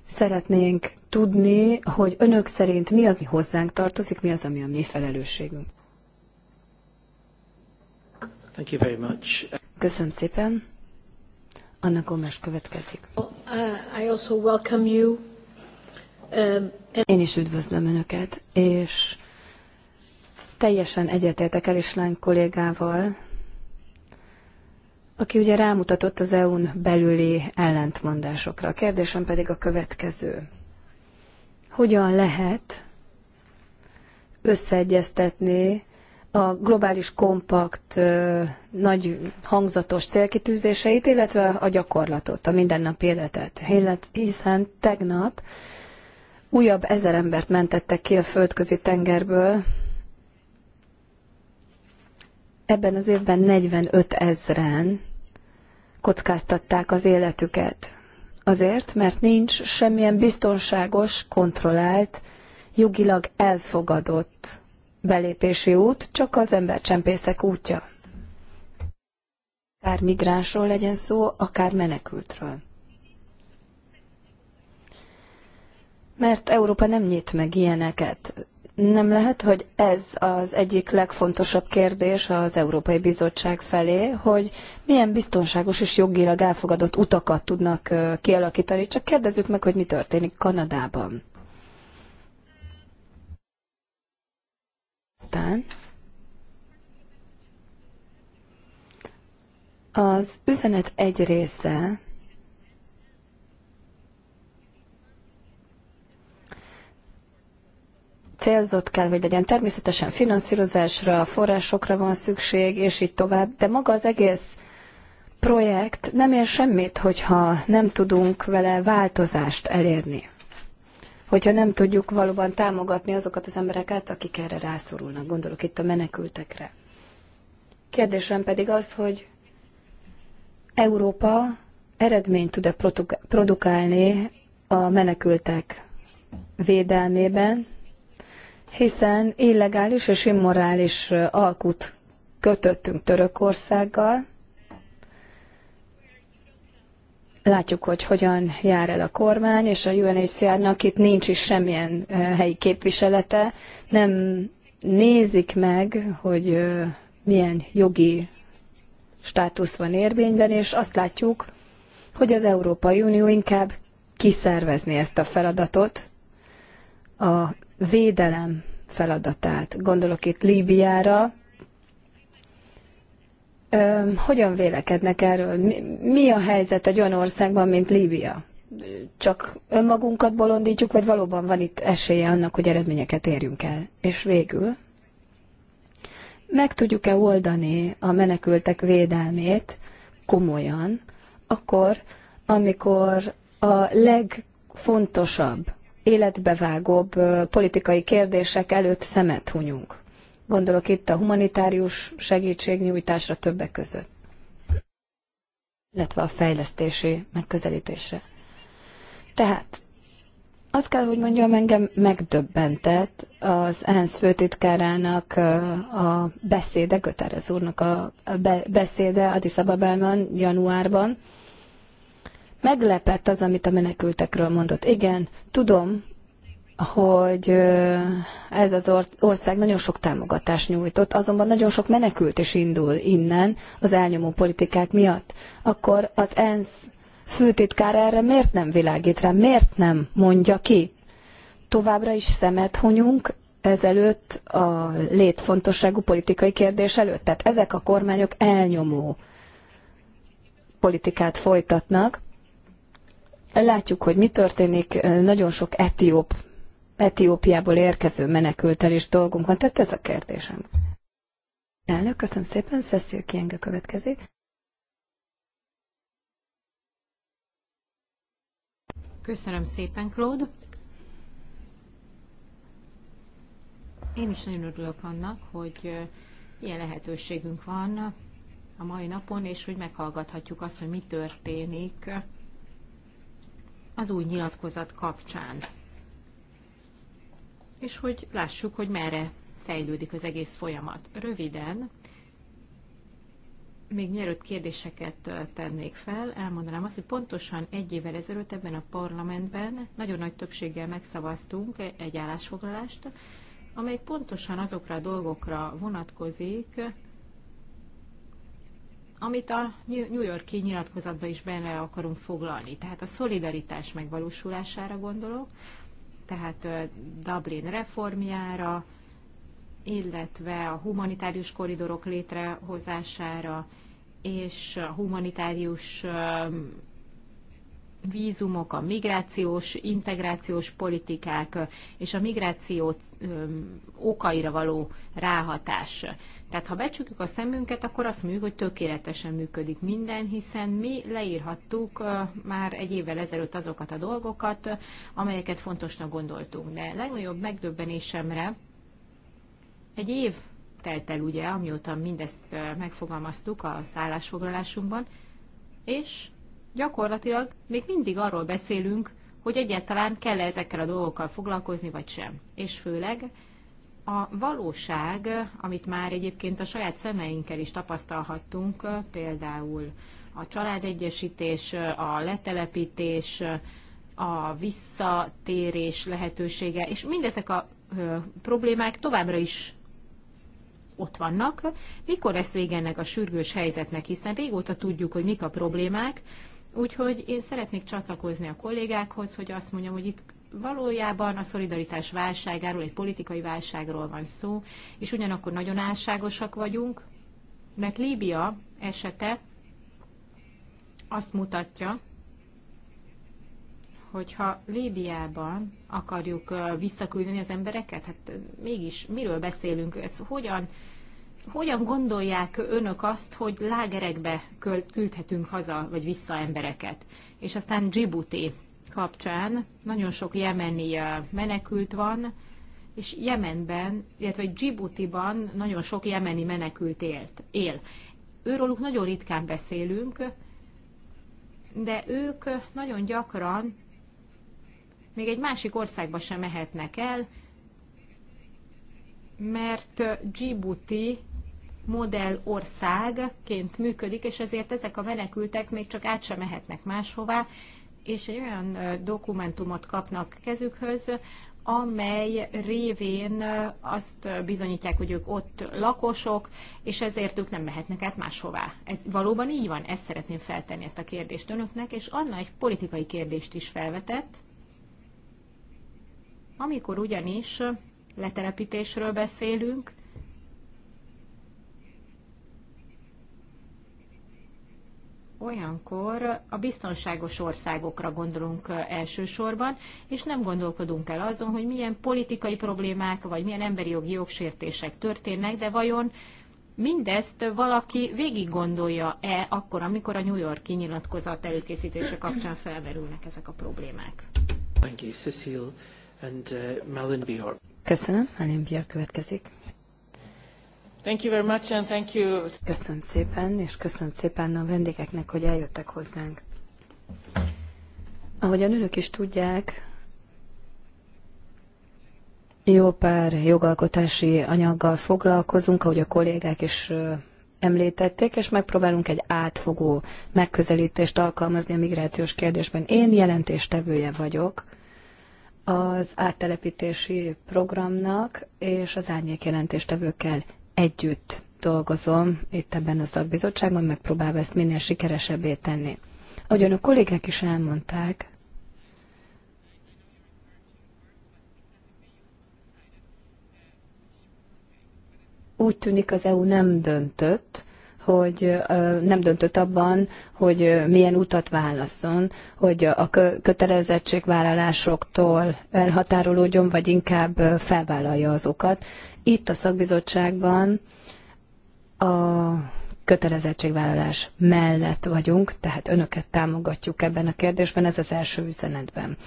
Szeretnénk tudni, hogy önök szerint mi az, ami hozzánk tartozik, mi az, ami a mi felelősségünk. Thank you very much. Köszönöm szépen. Anna Gomes következik. Well, uh, I also welcome you. Um, én is üdvözlöm Önöket, és teljesen egyetértek el is lány kollégával, aki ugye rámutatott az EU-n belüli ellentmondásokra. A kérdésem pedig a következő. Hogyan lehet összeegyeztetni a globális kompakt nagy hangzatos célkitűzéseit, illetve a gyakorlatot, a mindennapi életet. Hiszen tegnap Újabb ezer embert mentettek ki a földközi tengerből. Ebben az évben 45 ezeren kockáztatták az életüket. Azért, mert nincs semmilyen biztonságos, kontrollált, jogilag elfogadott belépési út, csak az embercsempészek útja. Akár migránsról legyen szó, akár menekültről. mert Európa nem nyit meg ilyeneket. Nem lehet, hogy ez az egyik legfontosabb kérdés az Európai Bizottság felé, hogy milyen biztonságos és jogilag elfogadott utakat tudnak kialakítani. Csak kérdezzük meg, hogy mi történik Kanadában. Aztán az üzenet egy része célzott kell, hogy legyen. Természetesen finanszírozásra, forrásokra van szükség, és így tovább, de maga az egész projekt nem ér semmit, hogyha nem tudunk vele változást elérni. Hogyha nem tudjuk valóban támogatni azokat az embereket, akik erre rászorulnak, gondolok itt a menekültekre. Kérdésem pedig az, hogy Európa eredményt tud-e produkálni a menekültek védelmében, hiszen illegális és immorális alkut kötöttünk Törökországgal. Látjuk, hogy hogyan jár el a kormány, és a UNHCR-nak itt nincs is semmilyen helyi képviselete. Nem nézik meg, hogy milyen jogi státusz van érvényben, és azt látjuk, hogy az Európai Unió inkább kiszervezni ezt a feladatot, a védelem feladatát. Gondolok itt Líbiára. Ö, hogyan vélekednek erről? Mi, mi a helyzet egy olyan országban, mint Líbia? Csak önmagunkat bolondítjuk, vagy valóban van itt esélye annak, hogy eredményeket érjünk el? És végül, meg tudjuk-e oldani a menekültek védelmét komolyan, akkor, amikor a legfontosabb életbevágóbb politikai kérdések előtt szemet hunyunk. Gondolok itt a humanitárius segítségnyújtásra többek között, illetve a fejlesztési megközelítésre. Tehát azt kell, hogy mondjam, engem megdöbbentett az ENSZ főtitkárának a beszéde, Götárez úrnak a beszéde Addis Ababában januárban, Meglepett az, amit a menekültekről mondott. Igen, tudom, hogy ez az ország nagyon sok támogatást nyújtott, azonban nagyon sok menekült is indul innen az elnyomó politikák miatt. Akkor az ENSZ főtitkár erre miért nem világít rá, miért nem mondja ki? Továbbra is szemet hunyunk ezelőtt a létfontosságú politikai kérdés előtt. Tehát ezek a kormányok elnyomó politikát folytatnak, Látjuk, hogy mi történik, nagyon sok etióp, Etiópiából érkező menekültel is dolgunk van, tehát ez a kérdésem. Elnök, köszönöm szépen, Cecil Kienge következik. Köszönöm szépen, Claude. Én is nagyon örülök annak, hogy ilyen lehetőségünk van a mai napon, és hogy meghallgathatjuk azt, hogy mi történik az új nyilatkozat kapcsán. És hogy lássuk, hogy merre fejlődik az egész folyamat. Röviden, még mielőtt kérdéseket tennék fel, elmondanám azt, hogy pontosan egy évvel ezelőtt ebben a parlamentben nagyon nagy többséggel megszavaztunk e-, egy állásfoglalást, amely pontosan azokra a dolgokra vonatkozik, amit a New Yorki nyilatkozatba is benne akarunk foglalni. Tehát a szolidaritás megvalósulására gondolok, tehát Dublin reformjára, illetve a humanitárius koridorok létrehozására, és a humanitárius vízumok, a migrációs, integrációs politikák és a migráció okaira való ráhatás. Tehát ha becsukjuk a szemünket, akkor azt mondjuk, hogy tökéletesen működik minden, hiszen mi leírhattuk már egy évvel ezelőtt azokat a dolgokat, amelyeket fontosnak gondoltunk. De legnagyobb megdöbbenésemre egy év telt el ugye, amióta mindezt megfogalmaztuk a szállásfoglalásunkban, és gyakorlatilag még mindig arról beszélünk, hogy egyáltalán kell -e ezekkel a dolgokkal foglalkozni, vagy sem. És főleg a valóság, amit már egyébként a saját szemeinkkel is tapasztalhattunk, például a családegyesítés, a letelepítés, a visszatérés lehetősége, és mindezek a problémák továbbra is ott vannak. Mikor lesz vége ennek a sürgős helyzetnek, hiszen régóta tudjuk, hogy mik a problémák, Úgyhogy én szeretnék csatlakozni a kollégákhoz, hogy azt mondjam, hogy itt valójában a szolidaritás válságáról, egy politikai válságról van szó, és ugyanakkor nagyon álságosak vagyunk, mert Líbia esete azt mutatja, hogyha Líbiában akarjuk visszaküldeni az embereket, hát mégis miről beszélünk, ez hogyan hogyan gondolják önök azt, hogy lágerekbe küldhetünk haza, vagy vissza embereket? És aztán Djibouti kapcsán nagyon sok jemeni menekült van, és Jemenben, illetve Djiboutiban nagyon sok jemeni menekült élt, él. Őróluk nagyon ritkán beszélünk, de ők nagyon gyakran még egy másik országba sem mehetnek el, mert Djibouti modell országként működik, és ezért ezek a menekültek még csak át sem mehetnek máshová, és egy olyan dokumentumot kapnak kezükhöz, amely révén azt bizonyítják, hogy ők ott lakosok, és ezért ők nem mehetnek át máshová. Ez valóban így van? Ezt szeretném feltenni ezt a kérdést önöknek, és Anna egy politikai kérdést is felvetett. Amikor ugyanis letelepítésről beszélünk, olyankor a biztonságos országokra gondolunk elsősorban, és nem gondolkodunk el azon, hogy milyen politikai problémák, vagy milyen emberi jogi jogsértések történnek, de vajon mindezt valaki végig gondolja-e akkor, amikor a New York nyilatkozat előkészítése kapcsán felmerülnek ezek a problémák? Thank you, Cecile and uh, Bjork. Köszönöm, Malin Bjork következik. Thank you very much and thank you. Köszönöm szépen, és köszönöm szépen a vendégeknek, hogy eljöttek hozzánk. Ahogyan önök is tudják, jó pár jogalkotási anyaggal foglalkozunk, ahogy a kollégák is említették, és megpróbálunk egy átfogó megközelítést alkalmazni a migrációs kérdésben. Én jelentéstevője vagyok az áttelepítési programnak, és az árnyék jelentéstevőkkel együtt dolgozom itt ebben a szakbizottságban, megpróbálva ezt minél sikeresebbé tenni. Ahogyan a kollégák is elmondták, úgy tűnik az EU nem döntött, hogy nem döntött abban, hogy milyen utat válaszol, hogy a kötelezettségvállalásoktól elhatárolódjon, vagy inkább felvállalja azokat, itt a szakbizottságban a kötelezettségvállalás mellett vagyunk, tehát önöket támogatjuk ebben a kérdésben, ez az első üzenetben.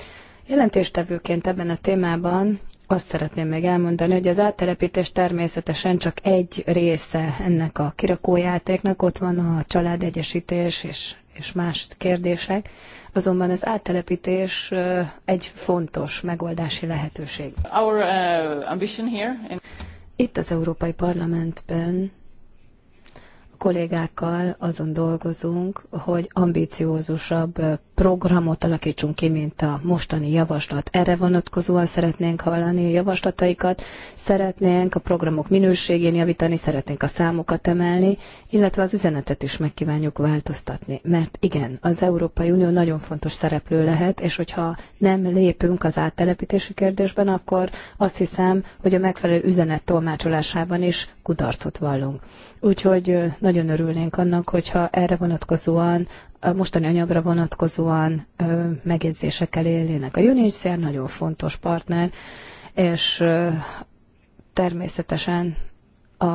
Jelentéstevőként ebben a témában azt szeretném még elmondani, hogy az áttelepítés természetesen csak egy része ennek a kirakójátéknak, ott van a családegyesítés és, és más kérdések, azonban az áttelepítés egy fontos megoldási lehetőség. Our, uh, ambition here in... Itt az Európai Parlamentben kollégákkal azon dolgozunk, hogy ambíciózusabb programot alakítsunk ki, mint a mostani javaslat. Erre vonatkozóan szeretnénk hallani a javaslataikat, szeretnénk a programok minőségén javítani, szeretnénk a számokat emelni, illetve az üzenetet is meg változtatni. Mert igen, az Európai Unió nagyon fontos szereplő lehet, és hogyha nem lépünk az áttelepítési kérdésben, akkor azt hiszem, hogy a megfelelő üzenet tolmácsolásában is kudarcot vallunk. Úgyhogy nagyon örülnénk annak, hogyha erre vonatkozóan, a mostani anyagra vonatkozóan megjegyzésekkel élnének. A UNHCR nagyon fontos partner, és természetesen a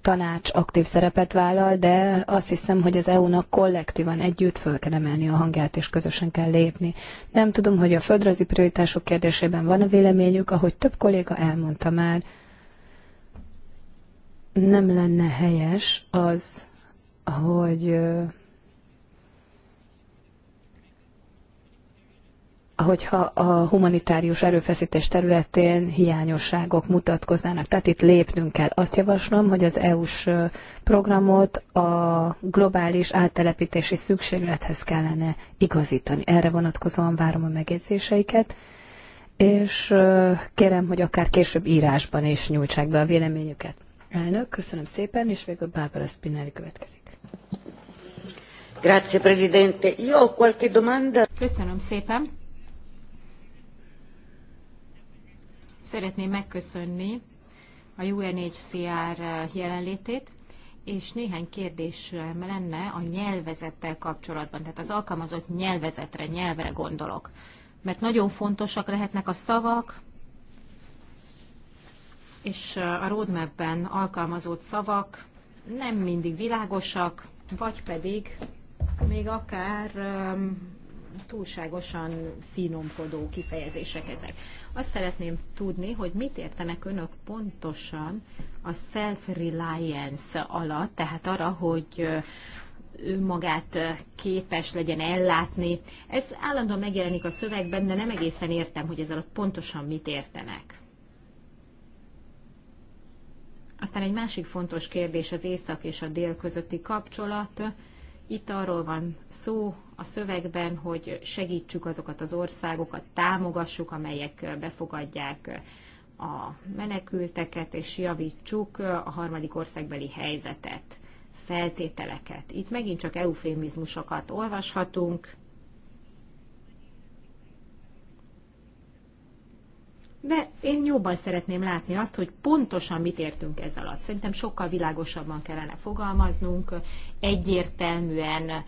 tanács aktív szerepet vállal, de azt hiszem, hogy az EU-nak kollektívan együtt föl kell emelni a hangját, és közösen kell lépni. Nem tudom, hogy a földrajzi prioritások kérdésében van a véleményük, ahogy több kolléga elmondta már, nem lenne helyes az, hogy hogyha a humanitárius erőfeszítés területén hiányosságok mutatkoznának. Tehát itt lépnünk kell. Azt javaslom, hogy az EU-s programot a globális áttelepítési szükséglethez kellene igazítani. Erre vonatkozóan várom a megjegyzéseiket, és kérem, hogy akár később írásban is nyújtsák be a véleményüket. Elnök, köszönöm szépen, és végül Bárbara Spinelli következik. Grazie, Presidente. Io ho qualche domanda. Köszönöm szépen. Szeretném megköszönni a UNHCR jelenlétét, és néhány kérdésem lenne a nyelvezettel kapcsolatban, tehát az alkalmazott nyelvezetre, nyelvre gondolok. Mert nagyon fontosak lehetnek a szavak, és a roadmapben alkalmazott szavak nem mindig világosak, vagy pedig még akár túlságosan finomkodó kifejezések ezek. Azt szeretném tudni, hogy mit értenek önök pontosan a self-reliance alatt, tehát arra, hogy ő magát képes legyen ellátni. Ez állandóan megjelenik a szövegben, de nem egészen értem, hogy ez alatt pontosan mit értenek. Aztán egy másik fontos kérdés az észak és a dél közötti kapcsolat. Itt arról van szó a szövegben, hogy segítsük azokat az országokat, támogassuk, amelyek befogadják a menekülteket, és javítsuk a harmadik országbeli helyzetet, feltételeket. Itt megint csak eufémizmusokat olvashatunk, de én jobban szeretném látni azt, hogy pontosan mit értünk ez alatt. Szerintem sokkal világosabban kellene fogalmaznunk, egyértelműen,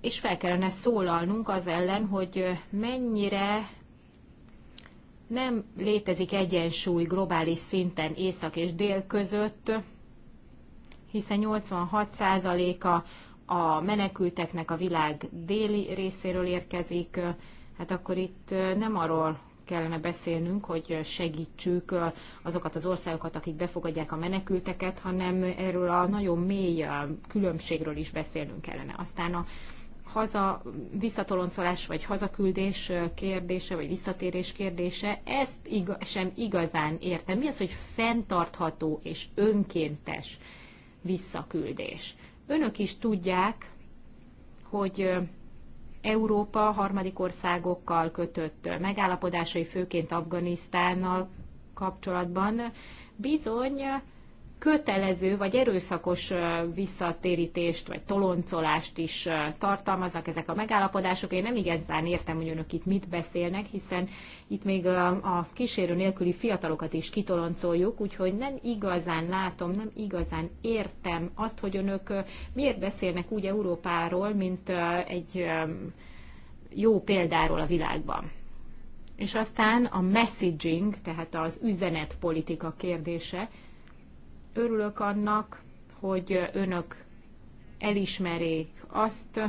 és fel kellene szólalnunk az ellen, hogy mennyire nem létezik egyensúly globális szinten észak és dél között, hiszen 86%-a a menekülteknek a világ déli részéről érkezik, hát akkor itt nem arról kellene beszélnünk, hogy segítsük azokat az országokat, akik befogadják a menekülteket, hanem erről a nagyon mély különbségről is beszélnünk kellene. Aztán a haza visszatoloncolás vagy hazaküldés kérdése, vagy visszatérés kérdése, ezt iga, sem igazán értem. Mi az, hogy fenntartható és önkéntes visszaküldés? Önök is tudják, hogy Európa harmadik országokkal kötött megállapodásai, főként Afganisztánnal kapcsolatban bizony kötelező vagy erőszakos visszatérítést vagy toloncolást is tartalmaznak ezek a megállapodások. Én nem igazán értem, hogy önök itt mit beszélnek, hiszen itt még a kísérő nélküli fiatalokat is kitoloncoljuk, úgyhogy nem igazán látom, nem igazán értem azt, hogy önök miért beszélnek úgy Európáról, mint egy jó példáról a világban. És aztán a messaging, tehát az üzenetpolitika kérdése, Örülök annak, hogy önök elismerik azt,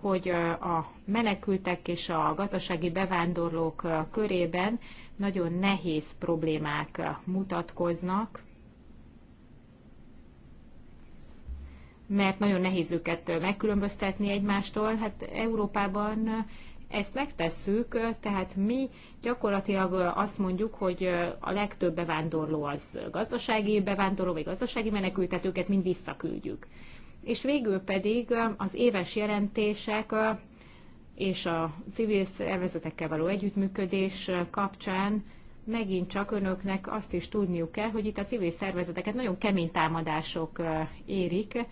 hogy a menekültek és a gazdasági bevándorlók körében nagyon nehéz problémák mutatkoznak, mert nagyon nehéz őket megkülönböztetni egymástól. Hát Európában ezt megtesszük, tehát mi gyakorlatilag azt mondjuk, hogy a legtöbb bevándorló az gazdasági bevándorló, vagy gazdasági tehát őket mind visszaküldjük. És végül pedig az éves jelentések és a civil szervezetekkel való együttműködés kapcsán megint csak önöknek azt is tudniuk kell, hogy itt a civil szervezeteket nagyon kemény támadások érik,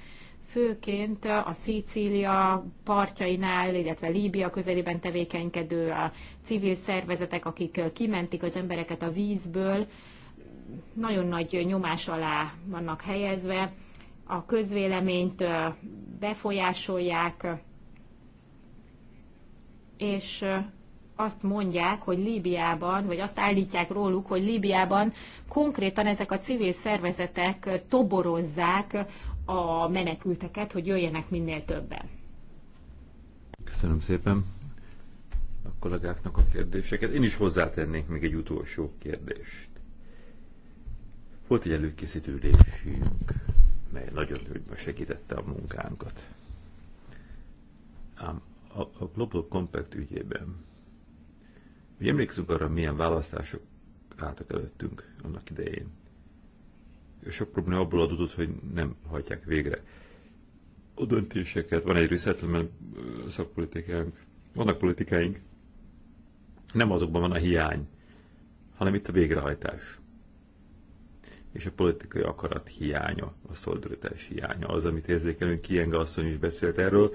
főként a Szicília partjainál, illetve Líbia közelében tevékenykedő a civil szervezetek, akik kimentik az embereket a vízből, nagyon nagy nyomás alá vannak helyezve, a közvéleményt befolyásolják, és azt mondják, hogy Líbiában, vagy azt állítják róluk, hogy Líbiában konkrétan ezek a civil szervezetek toborozzák a menekülteket, hogy jöjjenek minél többen. Köszönöm szépen a kollégáknak a kérdéseket. Én is hozzátennék még egy utolsó kérdést. Volt egy előkészítő mely nagyon nagyban segítette a munkánkat. Ám a, a Global Compact ügyében, hogy emlékszünk arra, milyen választások álltak előttünk annak idején sok probléma abból adódott, hogy nem hajtják végre a döntéseket. Van egy részletlen szakpolitikánk, vannak politikáink, nem azokban van a hiány, hanem itt a végrehajtás. És a politikai akarat hiánya, a szolidaritás hiánya, az, amit érzékelünk, Kienge asszony is beszélt erről.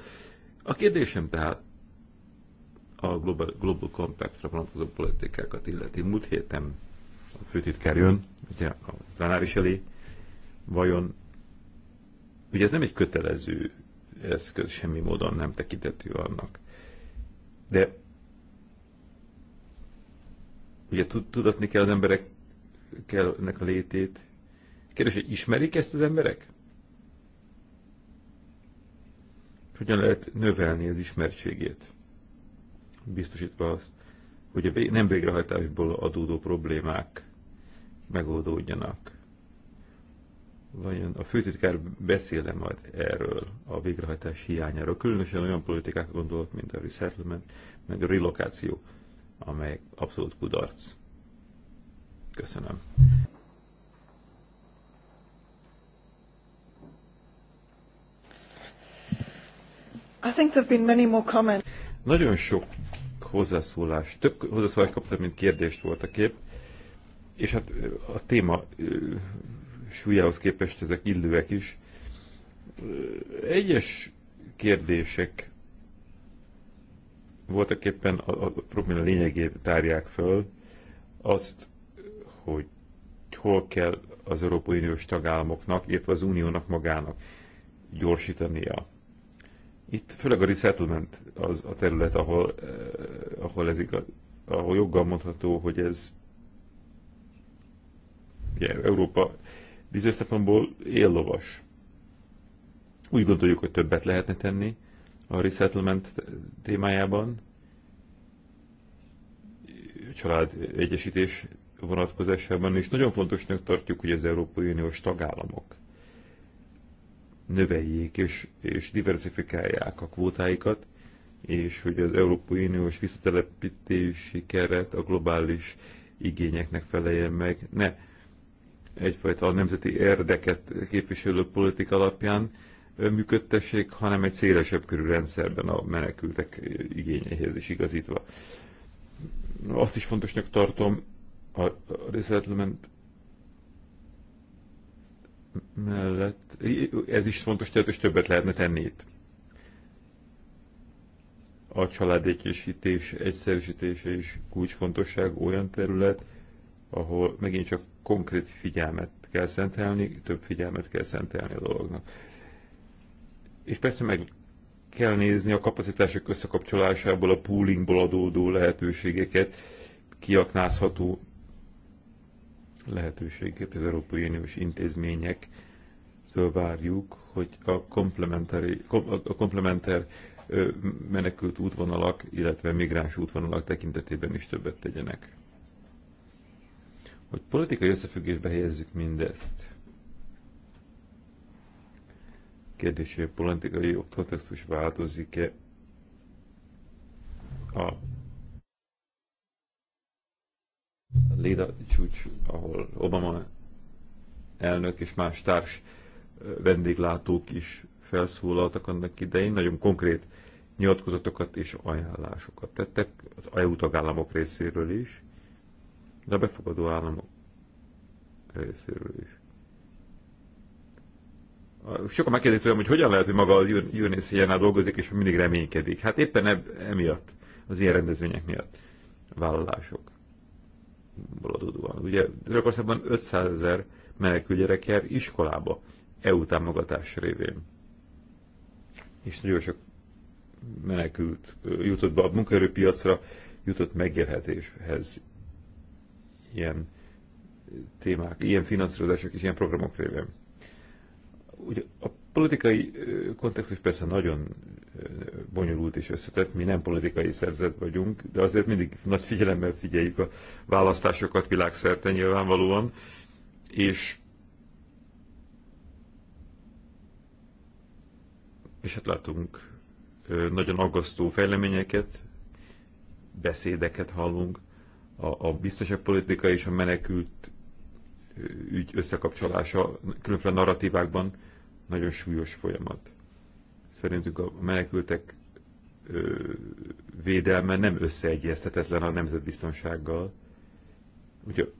A kérdésem tehát a Global, Global Compact-ra vonatkozó politikákat illeti. Múlt héten a főtitkár jön, ugye a is elé, vajon ugye ez nem egy kötelező eszköz, semmi módon nem tekintető annak. De ugye tudatni kell az emberek kell ennek a létét. Kérdés, hogy ismerik ezt az emberek? Hogyan lehet növelni az ismertségét? Biztosítva azt, hogy a nem végrehajtásból adódó problémák megoldódjanak vajon a főtitkár beszéle majd erről a végrehajtás hiányáról, különösen olyan politikák gondolok, mint a resettlement, meg a relokáció, amely abszolút kudarc. Köszönöm. I think there've been many more comments. Nagyon sok hozzászólás, több hozzászólást kaptam, mint kérdést volt a kép, és hát a téma súlyához képest ezek illőek is. Egyes kérdések voltak éppen a, a probléma lényegét tárják föl, azt, hogy hol kell az Európai Uniós tagállamoknak, illetve az Uniónak magának gyorsítania. Itt főleg a resettlement az a terület, ahol, eh, ahol, ez igaz, ahol joggal mondható, hogy ez ugye, Európa Bizonyos szempontból éllovas. Úgy gondoljuk, hogy többet lehetne tenni a resettlement témájában, család egyesítés vonatkozásában, és nagyon fontosnak tartjuk, hogy az Európai Uniós tagállamok növeljék és, és diversifikálják a kvótáikat, és hogy az Európai Uniós visszatelepítési keret a globális igényeknek feleljen meg, ne egyfajta nemzeti érdeket képviselő politika alapján működtessék, hanem egy szélesebb körű rendszerben a menekültek igényeihez is igazítva. Azt is fontosnak tartom a resettlement mellett, ez is fontos, tehát és többet lehetne tenni itt. A családékésítés, egyszerűsítése is kulcsfontosság olyan terület, ahol megint csak konkrét figyelmet kell szentelni, több figyelmet kell szentelni a dolognak. És persze meg kell nézni a kapacitások összekapcsolásából, a poolingból adódó lehetőségeket, kiaknázható lehetőségeket az Európai Uniós intézmények várjuk, hogy a komplementer, a komplementer menekült útvonalak, illetve migráns útvonalak tekintetében is többet tegyenek hogy politikai összefüggésbe helyezzük mindezt. Kérdés, hogy a politikai jogtotesztus változik-e a Léda csúcs, ahol Obama elnök és más társ vendéglátók is felszólaltak annak idején, nagyon konkrét nyilatkozatokat és ajánlásokat tettek az EU tagállamok részéről is de a befogadó államok részéről is. Sokan megkérdezik tőlem, hogy hogyan lehet, hogy maga a UNHCR-nál dolgozik, és mindig reménykedik. Hát éppen eb- emiatt, az ilyen rendezvények miatt vállalások adódóan. Ugye Törökországban 500 ezer menekül gyerek jár iskolába EU támogatás révén. És nagyon sok menekült jutott be a munkaerőpiacra, jutott megérhetéshez ilyen témák, ilyen finanszírozások és ilyen programok révén. Ugye a politikai kontextus persze nagyon bonyolult és összetett, mi nem politikai szervezet vagyunk, de azért mindig nagy figyelemmel figyeljük a választásokat világszerte nyilvánvalóan, és és hát látunk nagyon aggasztó fejleményeket, beszédeket hallunk a, a biztonság politika és a menekült ügy összekapcsolása különféle narratívákban nagyon súlyos folyamat. Szerintünk a menekültek ö, védelme nem összeegyeztetetlen a nemzetbiztonsággal. Úgyhogy,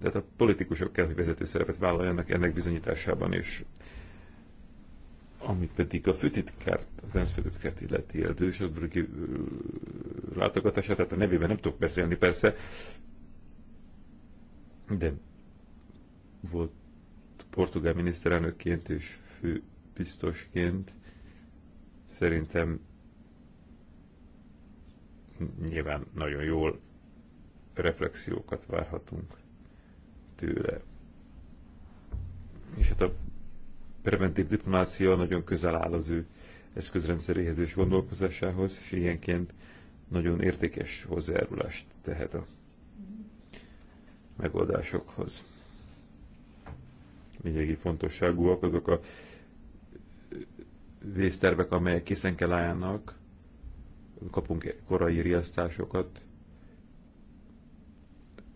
de hát a politikusok kell, hogy vezető szerepet vállaljanak ennek bizonyításában és ami pedig a főtitkárt, az ENSZ főtitkárt illeti a Dősödbrüggi látogatását, tehát a nevében nem tudok beszélni persze, de volt portugál miniszterelnökként és főbiztosként szerintem nyilván nagyon jól reflexiókat várhatunk tőle. És hát a preventív diplomácia nagyon közel áll az ő eszközrendszeréhez és gondolkozásához, és ilyenként nagyon értékes hozzájárulást tehet a megoldásokhoz. Mindegyik fontosságúak azok a vésztervek, amelyek készen kell álljanak, kapunk korai riasztásokat,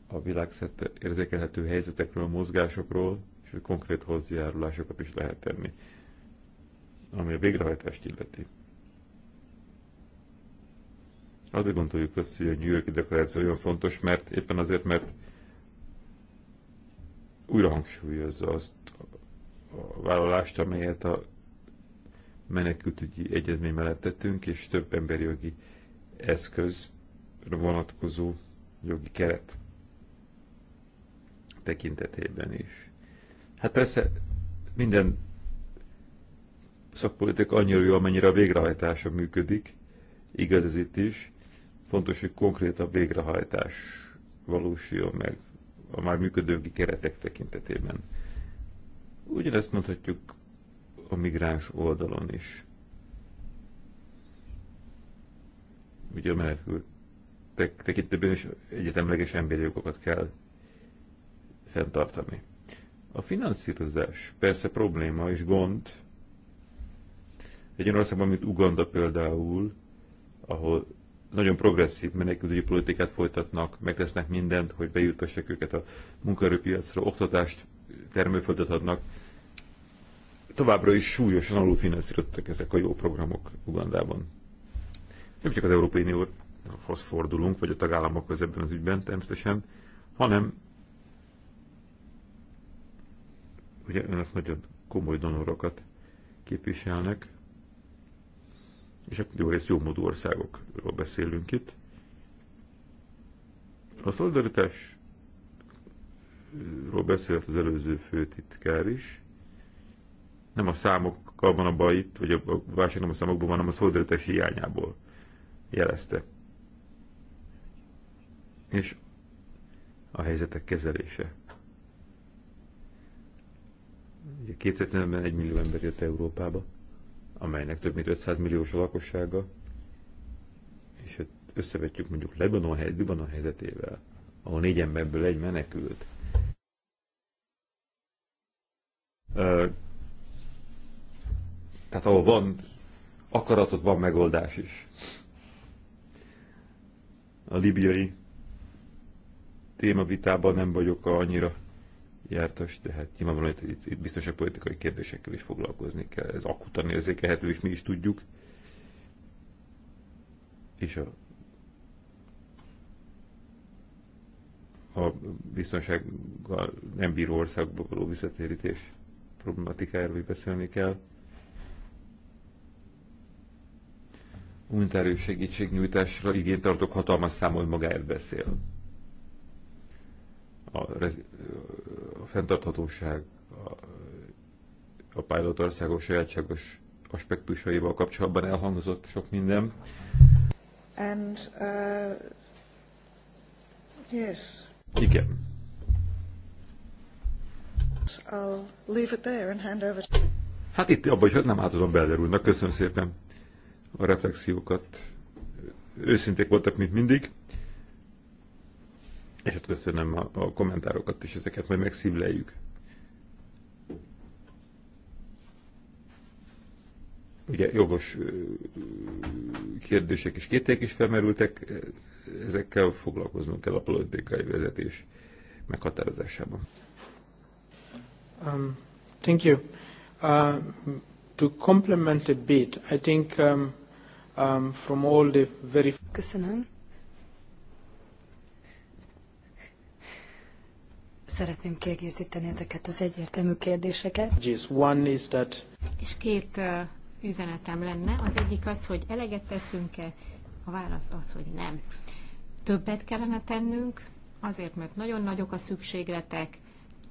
a világszerte érzékelhető helyzetekről, mozgásokról, konkrét hozzájárulásokat is lehet tenni, ami a végrehajtást illeti. Azért gondoljuk azt, hogy a New Yorki deklaráció olyan fontos, mert éppen azért, mert újra hangsúlyozza azt a vállalást, amelyet a menekültügyi egyezmény mellett tettünk, és több emberi jogi eszköz vonatkozó jogi keret tekintetében is. Hát persze minden szakpolitika annyira jó, amennyire a végrehajtása működik. Igaz ez itt is. Fontos, hogy konkrét a végrehajtás valósuljon meg a már működő keretek tekintetében. Ugyanezt mondhatjuk a migráns oldalon is. Ugye a menekült tekintetében is egyetemleges emberi jogokat kell fenntartani. A finanszírozás persze probléma és gond. Egy olyan országban, mint Uganda például, ahol nagyon progresszív menekültügyi politikát folytatnak, megtesznek mindent, hogy bejutassák őket a munkaerőpiacra, oktatást, termőföldet adnak. Továbbra is súlyosan alulfinanszírozottak ezek a jó programok Ugandában. Nem csak az Európai Unióhoz fordulunk, vagy a tagállamokhoz ebben az ügyben természetesen, hanem ugye önök nagyon komoly donorokat képviselnek, és akkor jó rész jómódú országokról beszélünk itt. A szolidaritásról beszélt az előző főtitkár is. Nem a számokkal van a baj itt, vagy a válság nem a számokban van, hanem a szolidaritás hiányából jelezte. És a helyzetek kezelése 2015-ben 1 millió ember jött Európába, amelynek több mint 500 milliós a lakossága, és hát összevetjük mondjuk Libanon, Libanon helyzetével, ahol négy emberből egy menekült. Tehát ahol van akaratot, van megoldás is. A libiai témavitában nem vagyok annyira jártas, de hát nyilvánvalóan itt, itt biztos a politikai kérdésekkel is foglalkozni kell. Ez akutan érzékelhető, és mi is tudjuk. És a, a biztonsággal nem bíró országba való visszatérítés problematikáról is beszélni kell. Unitárius segítségnyújtásra igényt tartok, hatalmas számú magáért beszél a, a fenntarthatóság, a, a pilot országok sajátságos aspektusaival kapcsolatban elhangzott sok minden. And, uh, yes. Igen. I'll leave it there and hand over to... Hát itt abban, hogy nem átadom Belder úrnak. Köszönöm szépen a reflexiókat. Őszinték voltak, mint mindig. És hát köszönöm a, a kommentárokat, is ezeket majd megszívleljük. Ugye jogos kérdések és kétek is felmerültek, ezekkel foglalkoznunk kell a politikai vezetés meghatározásában. Um, thank you. Uh, to complement a bit, I think um, um, from all the very... Köszönöm Szeretném kiegészíteni ezeket az egyértelmű kérdéseket. One is that... És két uh, üzenetem lenne. Az egyik az, hogy eleget teszünk-e, a válasz az, hogy nem. Többet kellene tennünk, azért, mert nagyon nagyok a szükségletek,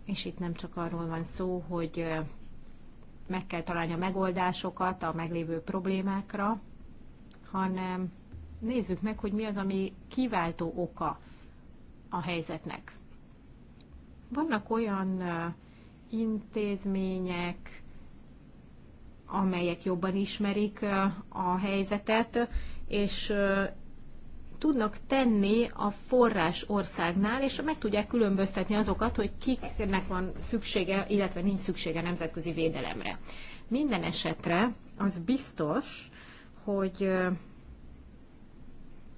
és itt nem csak arról van szó, hogy meg kell találni a megoldásokat a meglévő problémákra, hanem nézzük meg, hogy mi az, ami kiváltó oka a helyzetnek. Vannak olyan intézmények, amelyek jobban ismerik a helyzetet, és tudnak tenni a forrás országnál, és meg tudják különböztetni azokat, hogy kiknek van szüksége, illetve nincs szüksége nemzetközi védelemre. Minden esetre az biztos, hogy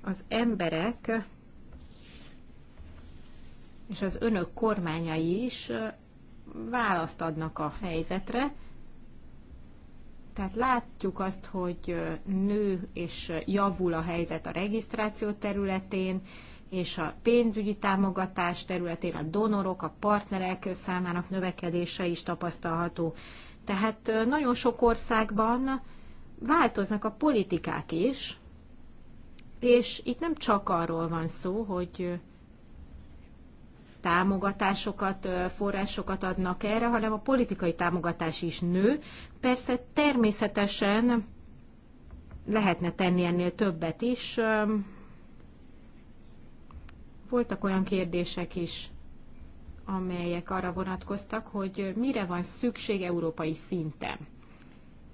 az emberek és az önök kormányai is választ adnak a helyzetre. Tehát látjuk azt, hogy nő és javul a helyzet a regisztráció területén, és a pénzügyi támogatás területén a donorok, a partnerek számának növekedése is tapasztalható. Tehát nagyon sok országban változnak a politikák is, és itt nem csak arról van szó, hogy támogatásokat, forrásokat adnak erre, hanem a politikai támogatás is nő. Persze természetesen lehetne tenni ennél többet is. Voltak olyan kérdések is, amelyek arra vonatkoztak, hogy mire van szükség európai szinten.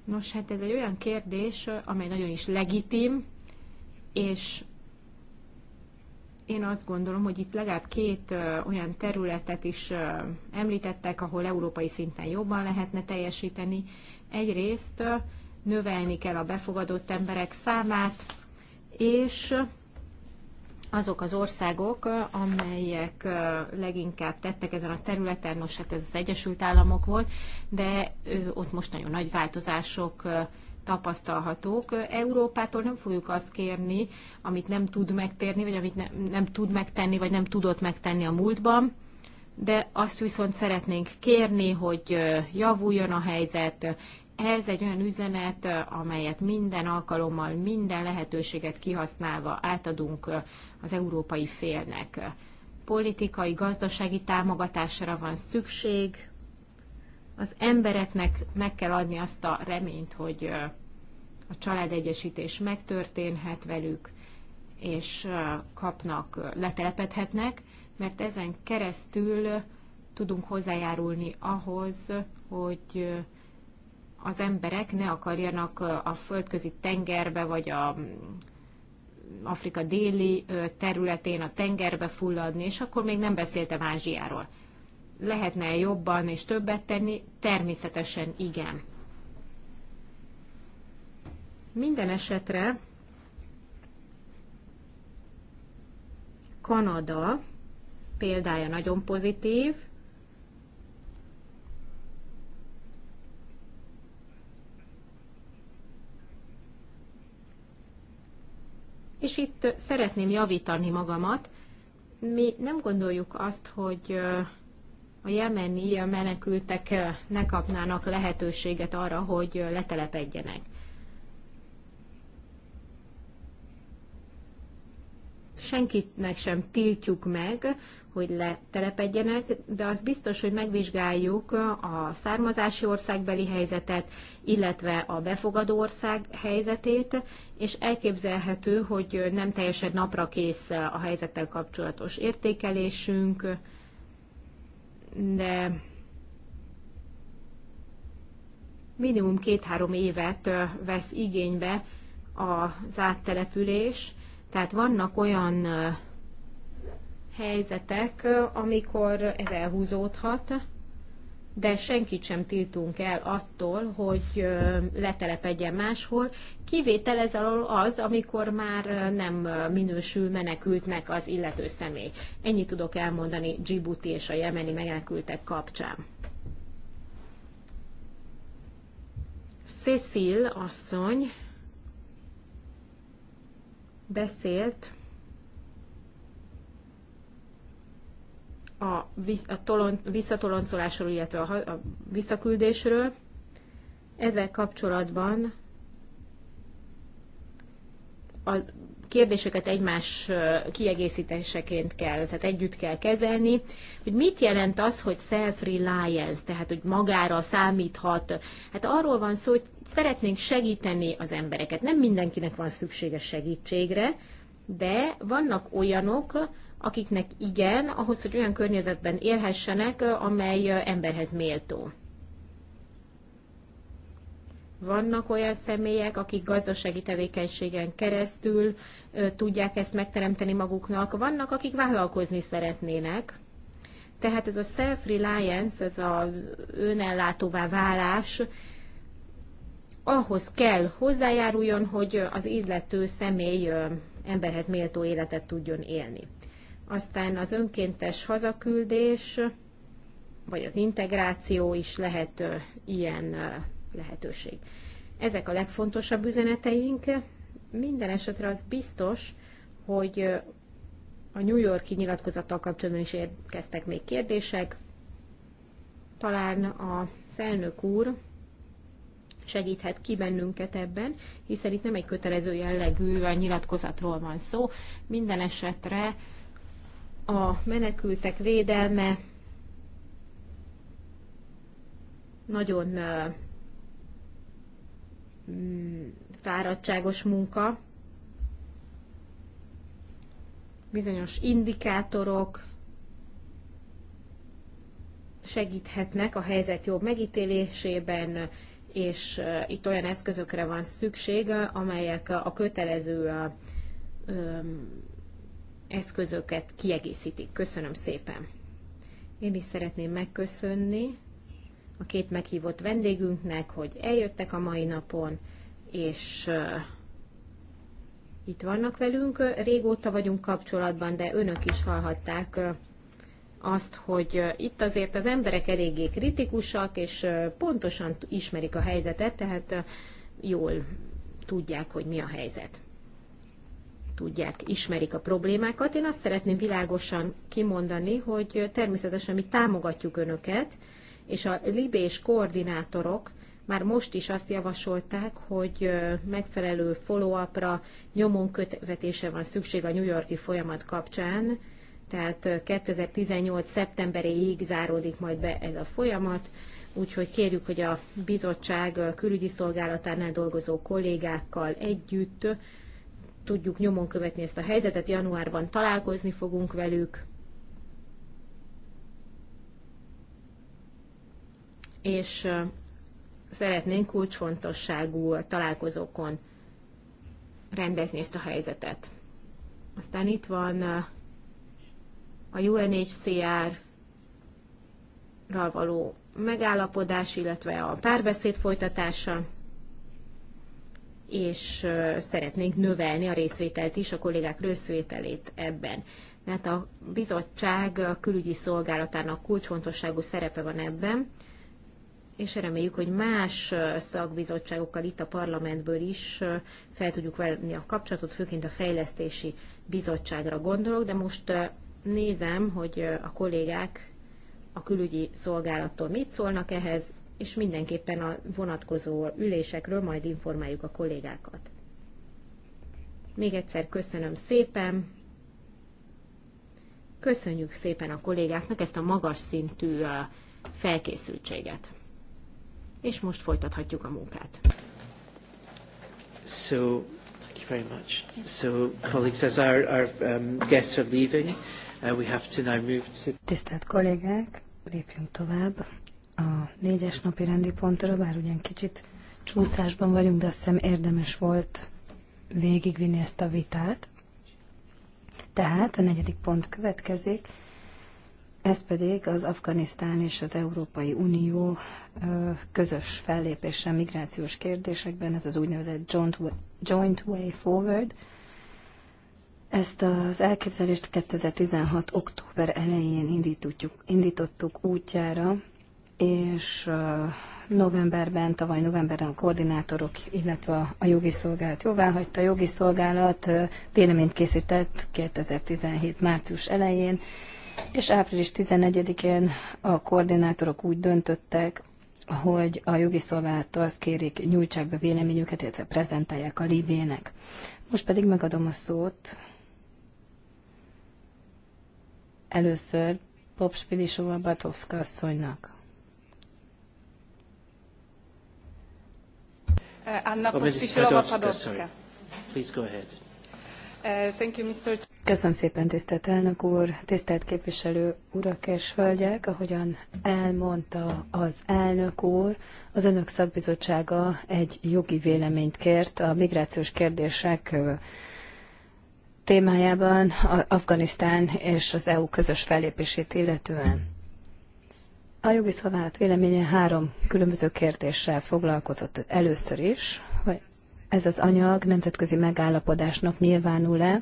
Nos, hát ez egy olyan kérdés, amely nagyon is legitim, és én azt gondolom, hogy itt legalább két olyan területet is említettek, ahol európai szinten jobban lehetne teljesíteni. Egyrészt növelni kell a befogadott emberek számát, és azok az országok, amelyek leginkább tettek ezen a területen, most hát ez az Egyesült Államok volt, de ott most nagyon nagy változások tapasztalhatók. Európától nem fogjuk azt kérni, amit nem tud megtérni, vagy amit nem, nem tud megtenni, vagy nem tudott megtenni a múltban, de azt viszont szeretnénk kérni, hogy javuljon a helyzet. Ez egy olyan üzenet, amelyet minden alkalommal, minden lehetőséget kihasználva átadunk az európai félnek. Politikai, gazdasági támogatásra van szükség, az embereknek meg kell adni azt a reményt, hogy a családegyesítés megtörténhet velük, és kapnak, letelepedhetnek, mert ezen keresztül tudunk hozzájárulni ahhoz, hogy az emberek ne akarjanak a földközi tengerbe, vagy a Afrika déli területén a tengerbe fulladni, és akkor még nem beszéltem Ázsiáról lehetne jobban és többet tenni? Természetesen igen. Minden esetre Kanada példája nagyon pozitív, És itt szeretném javítani magamat. Mi nem gondoljuk azt, hogy a jemeni menekültek ne kapnának lehetőséget arra, hogy letelepedjenek. Senkinek sem tiltjuk meg, hogy letelepedjenek, de az biztos, hogy megvizsgáljuk a származási országbeli helyzetet, illetve a befogadó ország helyzetét, és elképzelhető, hogy nem teljesen naprakész a helyzettel kapcsolatos értékelésünk, de minimum két-három évet vesz igénybe az áttelepülés, tehát vannak olyan helyzetek, amikor ez elhúzódhat, de senkit sem tiltunk el attól, hogy letelepedjen máshol. Kivétel ez alól az, amikor már nem minősül menekültnek az illető személy. Ennyit tudok elmondani Djibouti és a jemeni menekültek kapcsán. Cecil asszony beszélt a, visszatoloncolásról, illetve a visszaküldésről. Ezzel kapcsolatban a kérdéseket egymás kiegészítéseként kell, tehát együtt kell kezelni, hogy mit jelent az, hogy self-reliance, tehát hogy magára számíthat. Hát arról van szó, hogy szeretnénk segíteni az embereket. Nem mindenkinek van szükséges segítségre, de vannak olyanok, akiknek igen, ahhoz, hogy olyan környezetben élhessenek, amely emberhez méltó. Vannak olyan személyek, akik gazdasági tevékenységen keresztül tudják ezt megteremteni maguknak, vannak, akik vállalkozni szeretnének. Tehát ez a self-reliance, ez az önellátóvá válás, ahhoz kell hozzájáruljon, hogy az illető személy emberhez méltó életet tudjon élni. Aztán az önkéntes hazaküldés, vagy az integráció is lehet ilyen lehetőség. Ezek a legfontosabb üzeneteink. Minden esetre az biztos, hogy a New Yorki nyilatkozattal kapcsolatban is érkeztek még kérdések. Talán a felnök úr segíthet ki bennünket ebben, hiszen itt nem egy kötelező jellegű nyilatkozatról van szó. Minden esetre a menekültek védelme nagyon mm, fáradtságos munka, bizonyos indikátorok segíthetnek a helyzet jobb megítélésében, és itt olyan eszközökre van szükség, amelyek a kötelező eszközöket kiegészítik. Köszönöm szépen! Én is szeretném megköszönni a két meghívott vendégünknek, hogy eljöttek a mai napon, és itt vannak velünk. Régóta vagyunk kapcsolatban, de önök is hallhatták azt, hogy itt azért az emberek eléggé kritikusak, és pontosan ismerik a helyzetet, tehát jól tudják, hogy mi a helyzet tudják, ismerik a problémákat. Én azt szeretném világosan kimondani, hogy természetesen mi támogatjuk Önöket, és a libés koordinátorok már most is azt javasolták, hogy megfelelő follow-upra nyomon kötvetése van szükség a New Yorki folyamat kapcsán, tehát 2018. szeptemberéig záródik majd be ez a folyamat, úgyhogy kérjük, hogy a bizottság külügyi szolgálatánál dolgozó kollégákkal együtt tudjuk nyomon követni ezt a helyzetet. Januárban találkozni fogunk velük. És szeretnénk kulcsfontosságú találkozókon rendezni ezt a helyzetet. Aztán itt van a UNHCR-ral való megállapodás, illetve a párbeszéd folytatása és szeretnénk növelni a részvételt is, a kollégák részvételét ebben. Mert a bizottság a külügyi szolgálatának kulcsfontosságú szerepe van ebben, és reméljük, hogy más szakbizottságokkal itt a parlamentből is fel tudjuk venni a kapcsolatot, főként a fejlesztési bizottságra gondolok, de most nézem, hogy a kollégák a külügyi szolgálattól mit szólnak ehhez, és mindenképpen a vonatkozó ülésekről majd informáljuk a kollégákat. Még egyszer köszönöm szépen. Köszönjük szépen a kollégáknak ezt a magas szintű felkészültséget. És most folytathatjuk a munkát. So, thank you very much. So, colleagues, as our, our um, guests are leaving, uh, we have to now move to... Tisztelt kollégák, lépjünk tovább a négyes napi rendi pontra, bár ugyan kicsit csúszásban vagyunk, de azt hiszem érdemes volt végigvinni ezt a vitát. Tehát a negyedik pont következik, ez pedig az Afganisztán és az Európai Unió közös fellépése migrációs kérdésekben, ez az úgynevezett Joint Way Forward. Ezt az elképzelést 2016. október elején indítottuk útjára, és novemberben, tavaly novemberben a koordinátorok, illetve a jogi szolgálat jóváhagyta. A jogi szolgálat véleményt készített 2017. március elején, és április 14-én a koordinátorok úgy döntöttek, hogy a jogi szolgálattól azt kérik, nyújtsák be véleményüket, illetve prezentálják a libének. Most pedig megadom a szót először Popspilisova Batovszka asszonynak. Eh, Anna oh, eh, Köszönöm szépen, tisztelt elnök úr, tisztelt képviselő urak és hölgyek, ahogyan elmondta az elnök úr, az önök szakbizottsága egy jogi véleményt kért a migrációs kérdések témájában Afganisztán és az EU közös fellépését illetően. A jogi szolgálat véleménye három különböző kérdéssel foglalkozott először is, hogy ez az anyag nemzetközi megállapodásnak nyilvánul-e,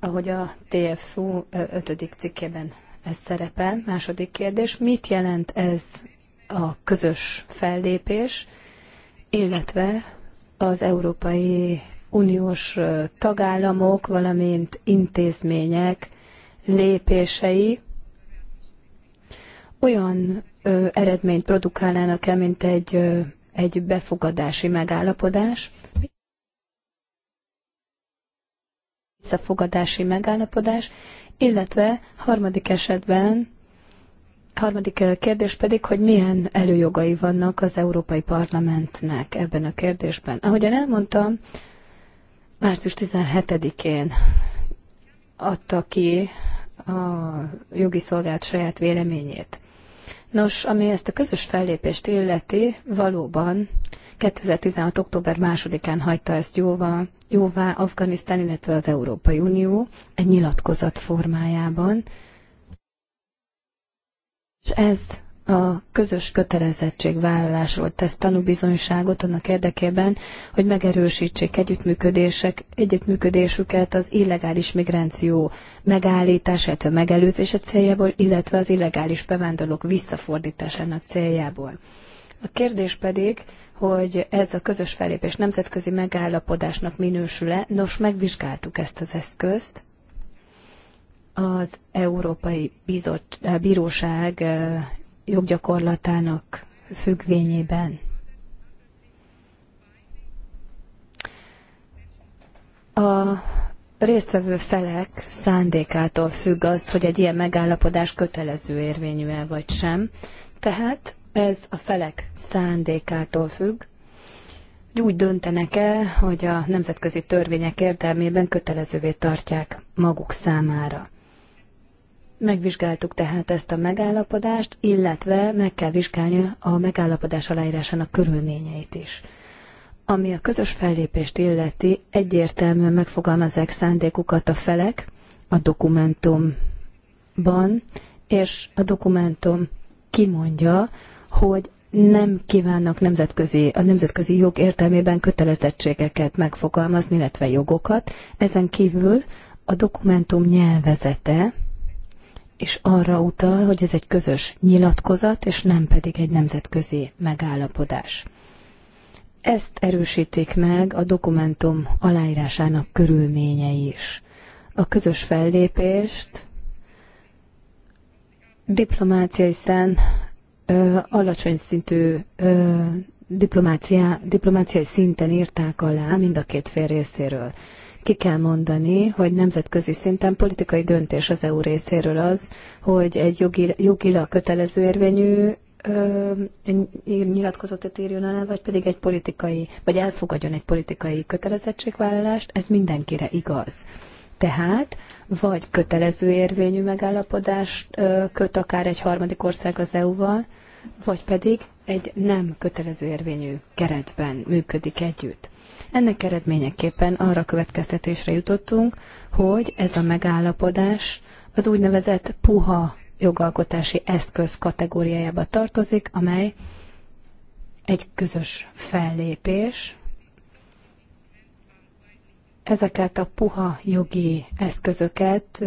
ahogy a TFU 5. cikkében ez szerepel. Második kérdés, mit jelent ez a közös fellépés, illetve az Európai Uniós tagállamok, valamint intézmények lépései, olyan ö, eredményt produkálnának el, mint egy, ö, egy befogadási megállapodás, visszafogadási megállapodás, illetve harmadik esetben, harmadik kérdés pedig, hogy milyen előjogai vannak az Európai Parlamentnek ebben a kérdésben. Ahogyan elmondtam, március 17-én adta ki a jogi szolgált saját véleményét. Nos, ami ezt a közös fellépést illeti, valóban 2016. október 3-án hagyta ezt jóvá, jóvá Afganisztán, illetve az Európai Unió egy nyilatkozat formájában. És ez a közös kötelezettségvállalásról tesz tanúbizonyságot annak érdekében, hogy megerősítsék együttműködések, együttműködésüket az illegális migráció megállítását, a megelőzése céljából, illetve az illegális bevándorlók visszafordításának céljából. A kérdés pedig, hogy ez a közös felépés nemzetközi megállapodásnak minősül-e. Nos, megvizsgáltuk ezt az eszközt, az Európai Bizot, Bíróság joggyakorlatának függvényében. A résztvevő felek szándékától függ az, hogy egy ilyen megállapodás kötelező érvényű-e vagy sem. Tehát ez a felek szándékától függ, hogy úgy döntenek-e, hogy a nemzetközi törvények értelmében kötelezővé tartják maguk számára. Megvizsgáltuk tehát ezt a megállapodást, illetve meg kell vizsgálni a megállapodás aláírásának körülményeit is. Ami a közös fellépést illeti, egyértelműen megfogalmazzák szándékukat a felek a dokumentumban, és a dokumentum kimondja, hogy nem kívánnak nemzetközi, a nemzetközi jog értelmében kötelezettségeket megfogalmazni, illetve jogokat. Ezen kívül a dokumentum nyelvezete és arra utal, hogy ez egy közös nyilatkozat, és nem pedig egy nemzetközi megállapodás. Ezt erősítik meg a dokumentum aláírásának körülményei is. A közös fellépést diplomáciai szen ö, alacsony szintű ö, diplomáciai szinten írták alá mind a két fél részéről. Ki kell mondani, hogy nemzetközi szinten politikai döntés az EU részéről az, hogy egy jogi, jogilag kötelező érvényű nyilatkozatot írjon alá, vagy pedig egy politikai, vagy elfogadjon egy politikai kötelezettségvállalást, ez mindenkire igaz. Tehát vagy kötelező érvényű megállapodást ö, köt akár egy harmadik ország az EU-val, vagy pedig egy nem kötelező érvényű keretben működik együtt. Ennek eredményeképpen arra következtetésre jutottunk, hogy ez a megállapodás az úgynevezett puha jogalkotási eszköz kategóriájába tartozik, amely egy közös fellépés. Ezeket a puha jogi eszközöket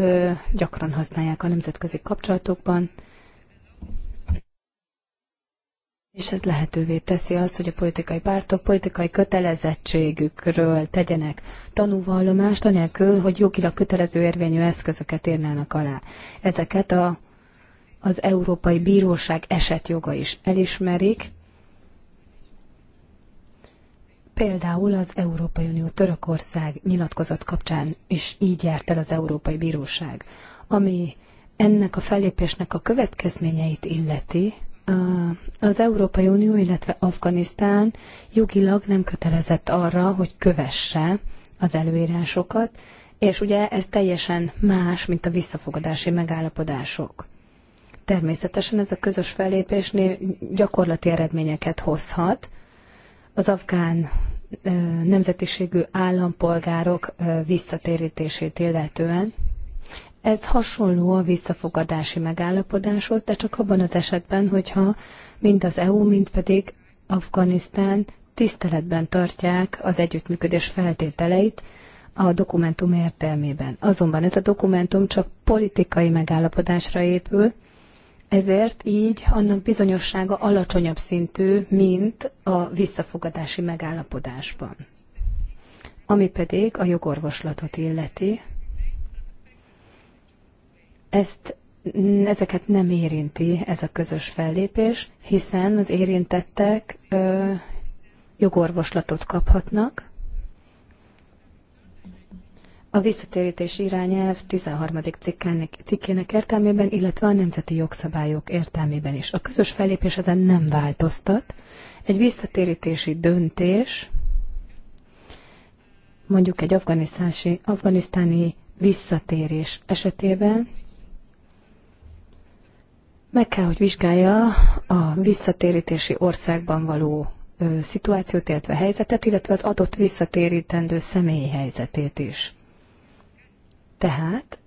gyakran használják a nemzetközi kapcsolatokban, és ez lehetővé teszi azt, hogy a politikai pártok politikai kötelezettségükről tegyenek tanúvallomást, anélkül, hogy jogilag kötelező érvényű eszközöket írnának alá. Ezeket a, az Európai Bíróság esetjoga is elismerik, Például az Európai Unió Törökország nyilatkozat kapcsán is így járt el az Európai Bíróság, ami ennek a fellépésnek a következményeit illeti, az Európai Unió, illetve Afganisztán jogilag nem kötelezett arra, hogy kövesse az előírásokat, és ugye ez teljesen más, mint a visszafogadási megállapodások. Természetesen ez a közös fellépésnél gyakorlati eredményeket hozhat. Az afgán nemzetiségű állampolgárok visszatérítését illetően, ez hasonló a visszafogadási megállapodáshoz, de csak abban az esetben, hogyha mind az EU, mind pedig Afganisztán tiszteletben tartják az együttműködés feltételeit a dokumentum értelmében. Azonban ez a dokumentum csak politikai megállapodásra épül, ezért így annak bizonyossága alacsonyabb szintű, mint a visszafogadási megállapodásban. Ami pedig a jogorvoslatot illeti, ezt ezeket nem érinti ez a közös fellépés, hiszen az érintettek ö, jogorvoslatot kaphatnak. A visszatérítés irányelv 13. cikkének, cikkének értelmében, illetve a nemzeti jogszabályok értelmében is. A közös fellépés ezen nem változtat. Egy visszatérítési döntés, mondjuk egy afganisztáni visszatérés esetében meg kell, hogy vizsgálja a visszatérítési országban való ö, szituációt, illetve helyzetet, illetve az adott visszatérítendő személy helyzetét is. Tehát,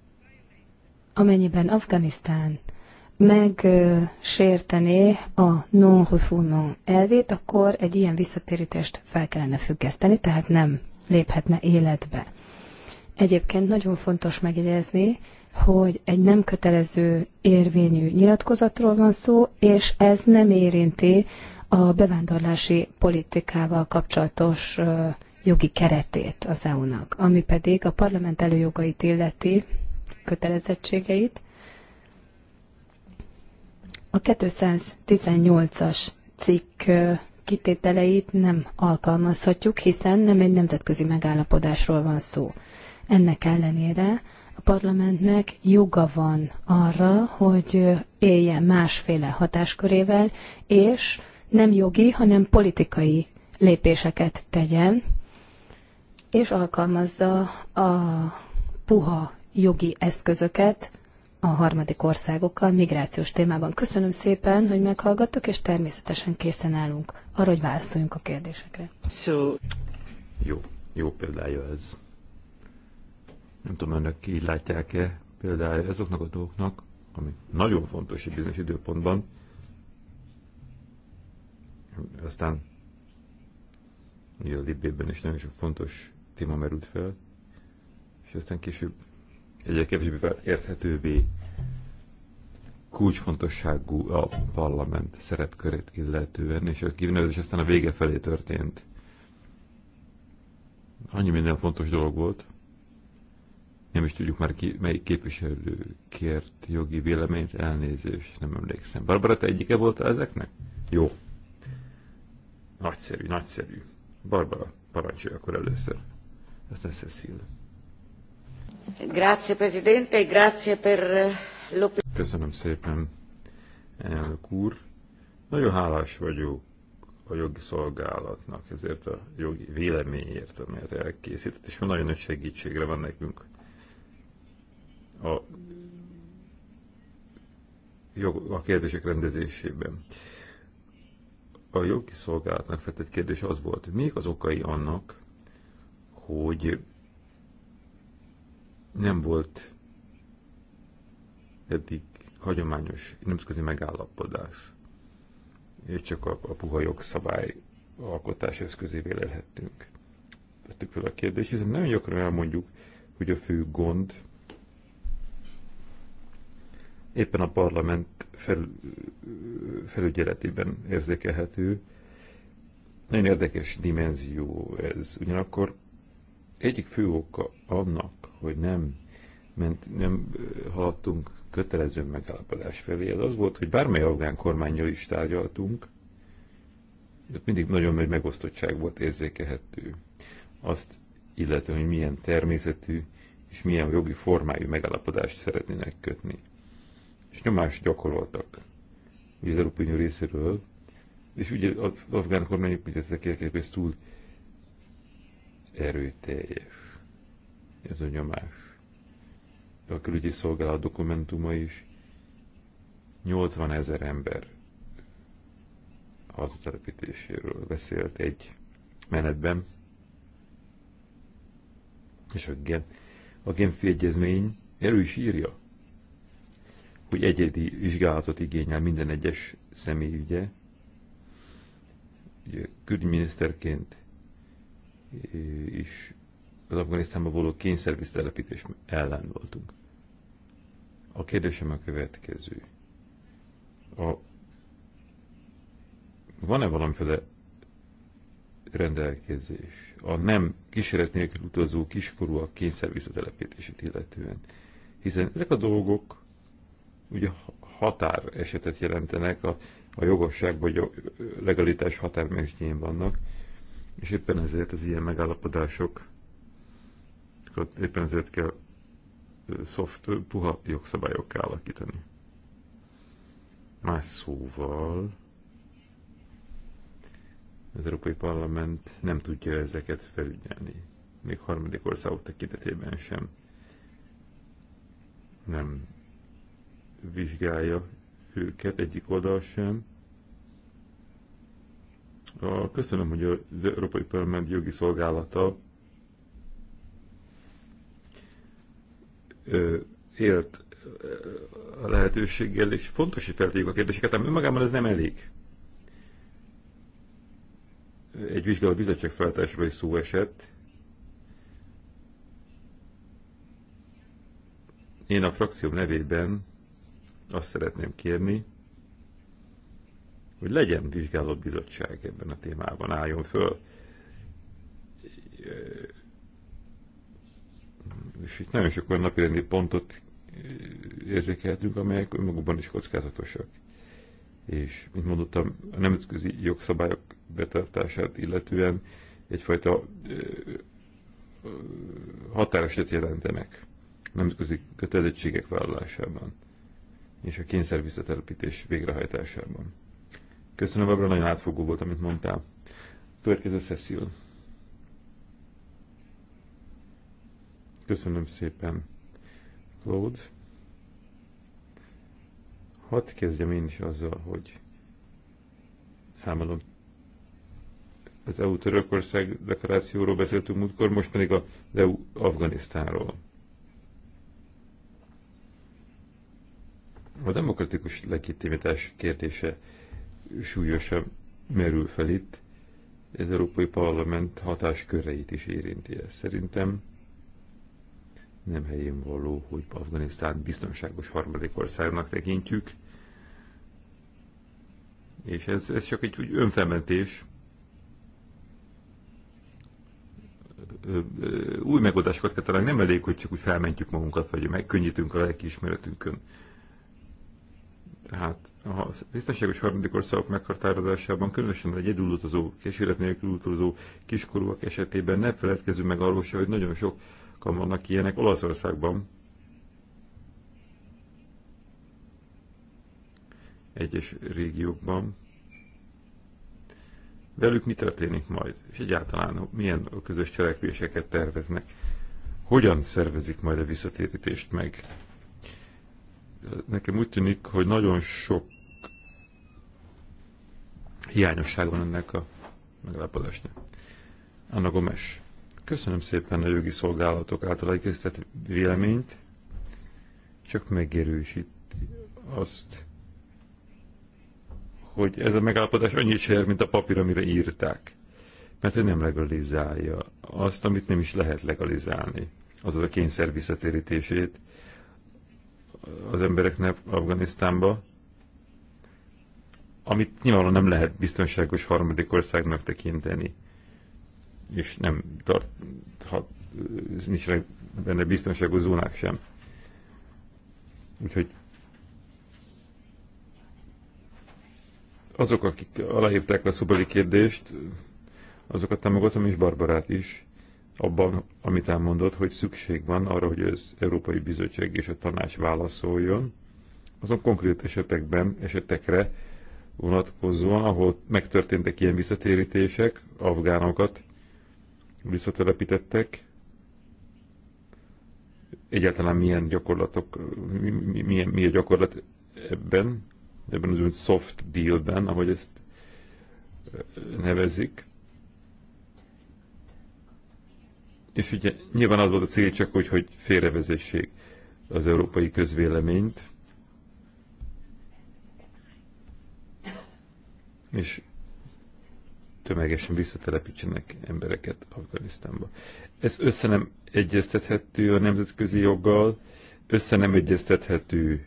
amennyiben Afganisztán megsértené a non-refoulement elvét, akkor egy ilyen visszatérítést fel kellene függeszteni, tehát nem léphetne életbe. Egyébként nagyon fontos megjegyezni, hogy egy nem kötelező érvényű nyilatkozatról van szó, és ez nem érinti a bevándorlási politikával kapcsolatos jogi keretét az EU-nak, ami pedig a parlament előjogait illeti kötelezettségeit. A 218-as cikk kitételeit nem alkalmazhatjuk, hiszen nem egy nemzetközi megállapodásról van szó. Ennek ellenére a parlamentnek joga van arra, hogy éljen másféle hatáskörével, és nem jogi, hanem politikai lépéseket tegyen, és alkalmazza a puha jogi eszközöket a harmadik országokkal migrációs témában. Köszönöm szépen, hogy meghallgattok, és természetesen készen állunk arra, hogy válaszoljunk a kérdésekre. So... Jó, jó példája ez nem tudom, önök így látják-e, például azoknak a dolgoknak, ami nagyon fontos egy bizonyos időpontban, aztán ugye a Libében is nagyon sok fontos téma merült fel, és aztán később egyre kevésbé érthetővé kulcsfontosságú a parlament szerepkörét illetően, és a kinevezés aztán a vége felé történt. Annyi minden fontos dolog volt, nem is tudjuk már ki, melyik képviselő kért jogi véleményt, elnézést, nem emlékszem. Barbara, te egyike volt ezeknek? Jó. Nagyszerű, nagyszerű. Barbara, parancsolj akkor először. Aztán Cecil. Grazie, Presidente, grazie per eh, Köszönöm szépen, elnök úr. Nagyon hálás vagyok a jogi szolgálatnak ezért a jogi véleményért, amelyet elkészített, és nagyon nagy segítségre van nekünk a, jog, a kérdések rendezésében. A jogi szolgálatnak feltett kérdés az volt, hogy az okai annak, hogy nem volt eddig hagyományos nemzetközi megállapodás, és csak a, a puha jogszabály alkotás eszközévé lehettünk. Vettük fel a kérdést, hiszen nagyon gyakran elmondjuk, hogy a fő gond éppen a parlament fel, felügyeletében érzékelhető. Nagyon érdekes dimenzió ez. Ugyanakkor egyik fő oka annak, hogy nem, ment, nem haladtunk kötelező megállapodás felé, az az volt, hogy bármely afgán kormányjal is tárgyaltunk, ott mindig nagyon nagy megosztottság volt érzékelhető. Azt illetve, hogy milyen természetű és milyen jogi formájú megállapodást szeretnének kötni és nyomást gyakoroltak az Európai Unió részéről, és ugye az afgán kormányok mint ezek ez túl erőteljes ez a nyomás. De a külügyi szolgálat dokumentuma is 80 ezer ember hazatelepítéséről beszélt egy menetben, és a, gen, a Genfi Egyezmény elő is írja, hogy egyedi vizsgálatot igényel minden egyes személy ügye. Ugye külügyminiszterként is az Afganisztánba való kényszervisztelepítés ellen voltunk. A kérdésem a következő. A, van-e valamiféle rendelkezés a nem kísérlet nélkül utazó kiskorúak kényszervisszatelepítését illetően? Hiszen ezek a dolgok ugye határ esetet jelentenek, a, a jogosság vagy a legalitás határmesdjén vannak, és éppen ezért az ilyen megállapodások éppen ezért kell szoft, puha jogszabályokká alakítani. Más szóval az Európai Parlament nem tudja ezeket felügyelni, még harmadik országok tekintetében sem. Nem vizsgálja őket, egyik oldal sem. A, köszönöm, hogy az Európai Parlament jogi szolgálata ö, élt a lehetőséggel, és fontos, hogy feltegyük a kérdéseket, ám önmagában ez nem elég. Egy vizsgáló bizottság feltárásról is szó esett. Én a frakcióm nevében azt szeretném kérni, hogy legyen vizsgálott bizottság ebben a témában, álljon föl. És itt nagyon sok olyan napirendi pontot érzékeltünk, amelyek önmagukban is kockázatosak. És, mint mondottam, a nemzetközi jogszabályok betartását illetően egyfajta határeset jelentenek nemzetközi kötelezettségek vállalásában és a kényszer visszatelepítés végrehajtásában. Köszönöm, Abra, nagyon átfogó volt, amit mondtál. Következő Cecil. Köszönöm szépen, Claude. Hadd kezdjem én is azzal, hogy elmondom. Az EU-Törökország deklarációról beszéltünk múltkor, most pedig az EU Afganisztánról. A demokratikus legitimitás kérdése súlyosan merül fel itt, az Európai Parlament hatásköreit is érinti ez. Szerintem nem helyén való, hogy Afganisztán biztonságos harmadik országnak tekintjük, és ez, ez csak egy úgy önfelmentés. Új megoldásokat kell találni, nem elég, hogy csak úgy felmentjük magunkat, vagy megkönnyítünk a lelkiismeretünkön. ismeretünkön tehát a biztonságos harmadik országok meghatározásában, különösen egy egyedül utazó, kísérlet nélkül utazó kiskorúak esetében ne feledkezzünk meg arról hogy nagyon sokan vannak ilyenek Olaszországban. Egyes régiókban. Velük mi történik majd? És egyáltalán milyen közös cselekvéseket terveznek? Hogyan szervezik majd a visszatérítést meg? nekem úgy tűnik, hogy nagyon sok hiányosság van ennek a meglepadásnak. Anna Gomes. Köszönöm szépen a jogi szolgálatok által elkészített véleményt, csak megerősíti azt, hogy ez a megállapodás annyit se mint a papír, amire írták. Mert ő nem legalizálja azt, amit nem is lehet legalizálni, azaz a kényszer visszatérítését, az embereknek Afganisztánba, amit nyilvánvalóan nem lehet biztonságos harmadik országnak tekinteni, és nem tart, ha, nincs benne biztonságos zónák sem. Úgyhogy azok, akik aláírták a szubali kérdést, azokat támogatom, és Barbarát is abban, amit elmondott, hogy szükség van arra, hogy az Európai Bizottság és a tanács válaszoljon, azon konkrét esetekben, esetekre vonatkozóan, ahol megtörténtek ilyen visszatérítések, afgánokat visszatelepítettek, egyáltalán milyen gyakorlatok, mi, mi, mi, mi a gyakorlat ebben, ebben az úgy soft dealben, ahogy ezt nevezik, És ugye nyilván az volt a cél csak hogy, hogy félrevezessék az európai közvéleményt. És tömegesen visszatelepítsenek embereket Afganisztánba. Ez össze nem egyeztethető a nemzetközi joggal, össze nem egyeztethető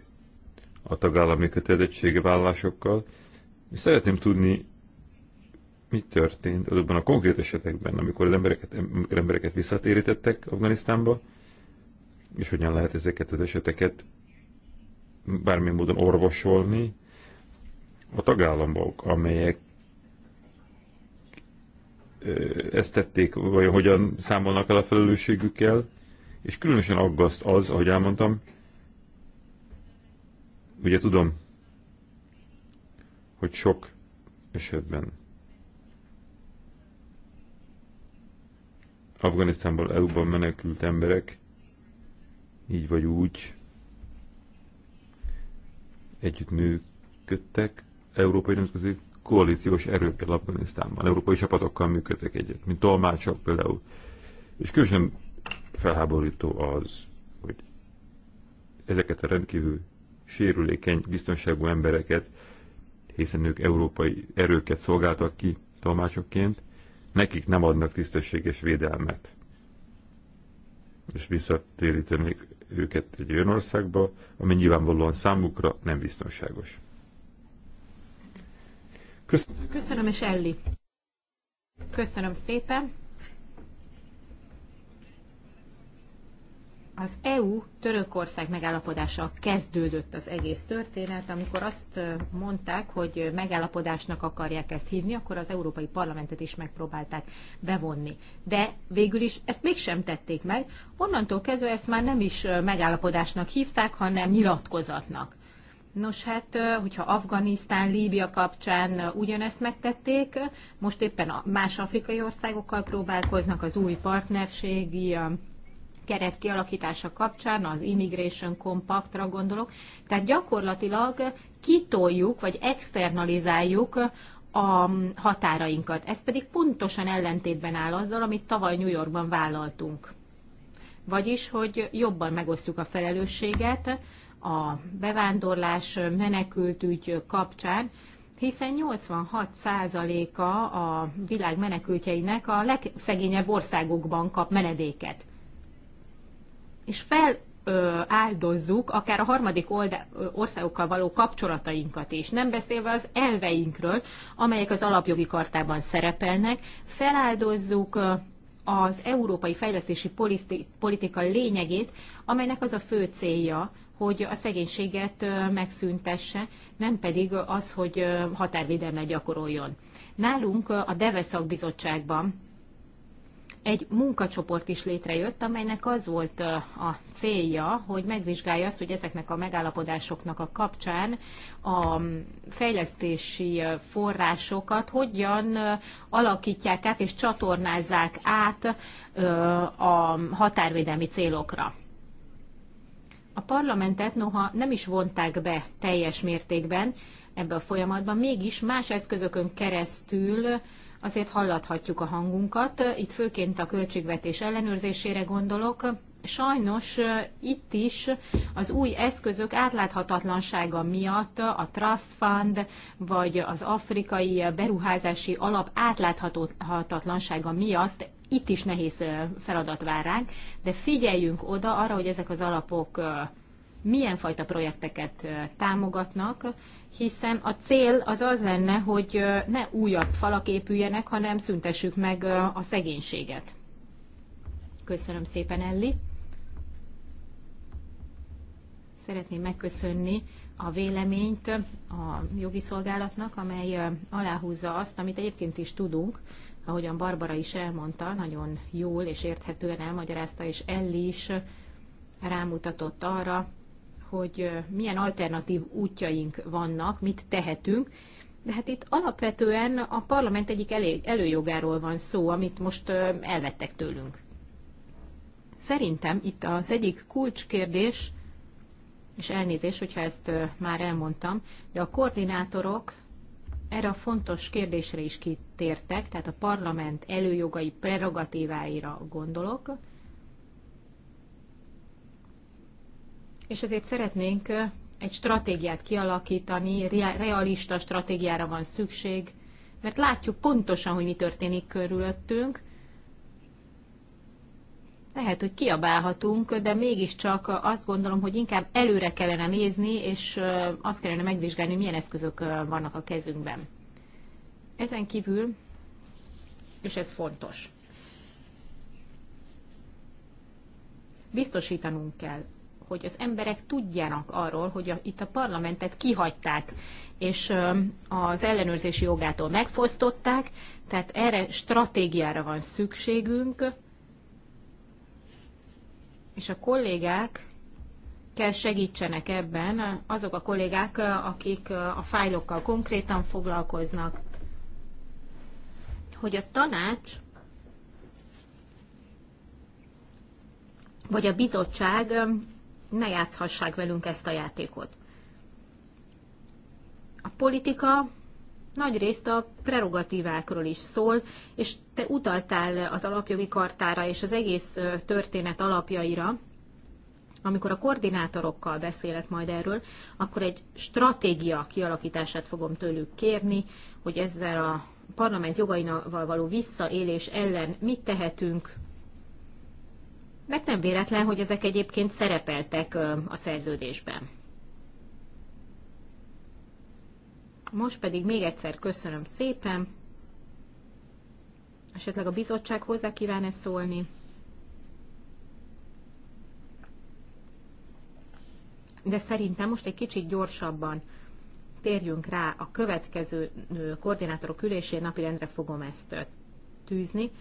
a tagállami kötelezettségvállalásokkal. És szeretném tudni, mi történt azokban a konkrét esetekben, amikor az embereket, amikor embereket visszatérítettek Afganisztánba, és hogyan lehet ezeket az eseteket bármilyen módon orvosolni a tagállamok, amelyek ezt tették, vagy hogyan számolnak el a felelősségükkel, és különösen aggaszt az, ahogy elmondtam, ugye tudom, hogy sok esetben Afganisztánból EU-ban menekült emberek, így vagy úgy, együttműködtek európai nemzetközi koalíciós erőkkel Afganisztánban. Európai csapatokkal működtek egyet, mint tolmácsok például. És különösen felháborító az, hogy ezeket a rendkívül sérülékeny, biztonságú embereket, hiszen ők európai erőket szolgáltak ki tolmácsokként, nekik nem adnak tisztességes védelmet. És visszatérítenék őket egy olyan országba, ami nyilvánvalóan számukra nem biztonságos. Köszönöm. Köszönöm, és Elli. Köszönöm szépen. Az EU-Törökország megállapodása kezdődött az egész történet. Amikor azt mondták, hogy megállapodásnak akarják ezt hívni, akkor az Európai Parlamentet is megpróbálták bevonni. De végül is ezt mégsem tették meg. Onnantól kezdve ezt már nem is megállapodásnak hívták, hanem nyilatkozatnak. Nos hát, hogyha Afganisztán, Líbia kapcsán ugyanezt megtették, most éppen a más afrikai országokkal próbálkoznak az új partnerségi keret kialakítása kapcsán, az Immigration Compactra gondolok, tehát gyakorlatilag kitoljuk, vagy externalizáljuk a határainkat. Ez pedig pontosan ellentétben áll azzal, amit tavaly New Yorkban vállaltunk. Vagyis, hogy jobban megosztjuk a felelősséget a bevándorlás menekültügy kapcsán, hiszen 86%-a a világ menekültjeinek a legszegényebb országokban kap menedéket és feláldozzuk akár a harmadik oldal, országokkal való kapcsolatainkat is, nem beszélve az elveinkről, amelyek az alapjogi kartában szerepelnek, feláldozzuk az európai fejlesztési politika lényegét, amelynek az a fő célja, hogy a szegénységet megszüntesse, nem pedig az, hogy határvédelmet gyakoroljon. Nálunk a Deveszak bizottságban egy munkacsoport is létrejött, amelynek az volt a célja, hogy megvizsgálja azt, hogy ezeknek a megállapodásoknak a kapcsán a fejlesztési forrásokat hogyan alakítják át és csatornázzák át a határvédelmi célokra. A parlamentet noha nem is vonták be teljes mértékben ebbe a folyamatban, mégis más eszközökön keresztül azért hallathatjuk a hangunkat. Itt főként a költségvetés ellenőrzésére gondolok. Sajnos itt is az új eszközök átláthatatlansága miatt a Trust Fund vagy az afrikai beruházási alap átláthatatlansága miatt itt is nehéz feladat vár ránk, de figyeljünk oda arra, hogy ezek az alapok milyen fajta projekteket támogatnak, hiszen a cél az az lenne, hogy ne újabb falak épüljenek, hanem szüntessük meg a szegénységet. Köszönöm szépen, Elli. Szeretném megköszönni a véleményt a jogi szolgálatnak, amely aláhúzza azt, amit egyébként is tudunk, ahogyan Barbara is elmondta, nagyon jól és érthetően elmagyarázta, és Elli is rámutatott arra, hogy milyen alternatív útjaink vannak, mit tehetünk, de hát itt alapvetően a parlament egyik előjogáról van szó, amit most elvettek tőlünk. Szerintem itt az egyik kulcskérdés, és elnézés, hogyha ezt már elmondtam, de a koordinátorok erre a fontos kérdésre is kitértek, tehát a parlament előjogai prerogatíváira gondolok, és ezért szeretnénk egy stratégiát kialakítani, realista stratégiára van szükség, mert látjuk pontosan, hogy mi történik körülöttünk. Lehet, hogy kiabálhatunk, de mégiscsak azt gondolom, hogy inkább előre kellene nézni, és azt kellene megvizsgálni, milyen eszközök vannak a kezünkben. Ezen kívül, és ez fontos, biztosítanunk kell hogy az emberek tudjanak arról, hogy a, itt a parlamentet kihagyták, és az ellenőrzési jogától megfosztották, tehát erre stratégiára van szükségünk, és a kollégák kell segítsenek ebben, azok a kollégák, akik a fájlokkal konkrétan foglalkoznak, hogy a tanács vagy a bizottság ne játszhassák velünk ezt a játékot. A politika nagy részt a prerogatívákról is szól, és te utaltál az alapjogi kartára és az egész történet alapjaira, amikor a koordinátorokkal beszélek majd erről, akkor egy stratégia kialakítását fogom tőlük kérni, hogy ezzel a parlament jogaival való visszaélés ellen mit tehetünk, mert nem véletlen, hogy ezek egyébként szerepeltek a szerződésben. Most pedig még egyszer köszönöm szépen. Esetleg a bizottság hozzá kíván-e szólni? De szerintem most egy kicsit gyorsabban térjünk rá a következő koordinátorok ülésén napirendre fogom ezt tűzni,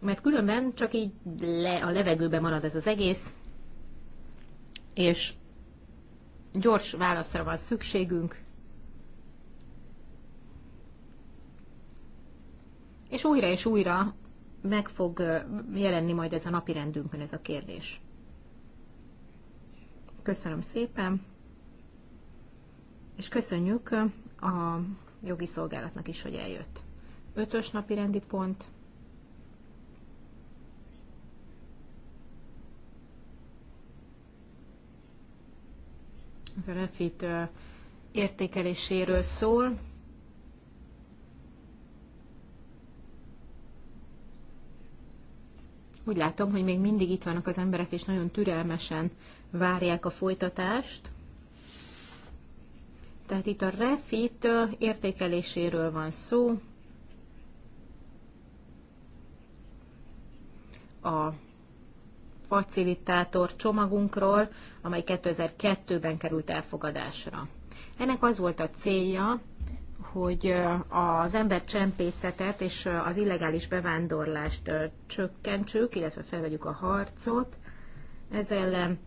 mert különben csak így le, a levegőbe marad ez az egész, és gyors válaszra van szükségünk, és újra és újra meg fog jelenni majd ez a napi rendünkön ez a kérdés. Köszönöm szépen, és köszönjük a jogi szolgálatnak is, hogy eljött. Ötös napi rendi pont – Ez a refit értékeléséről szól. Úgy látom, hogy még mindig itt vannak az emberek, és nagyon türelmesen várják a folytatást. Tehát itt a refit értékeléséről van szó. A facilitátor csomagunkról, amely 2002-ben került elfogadásra. Ennek az volt a célja, hogy az csempészetet és az illegális bevándorlást csökkentsük, illetve felvegyük a harcot. Ez ellen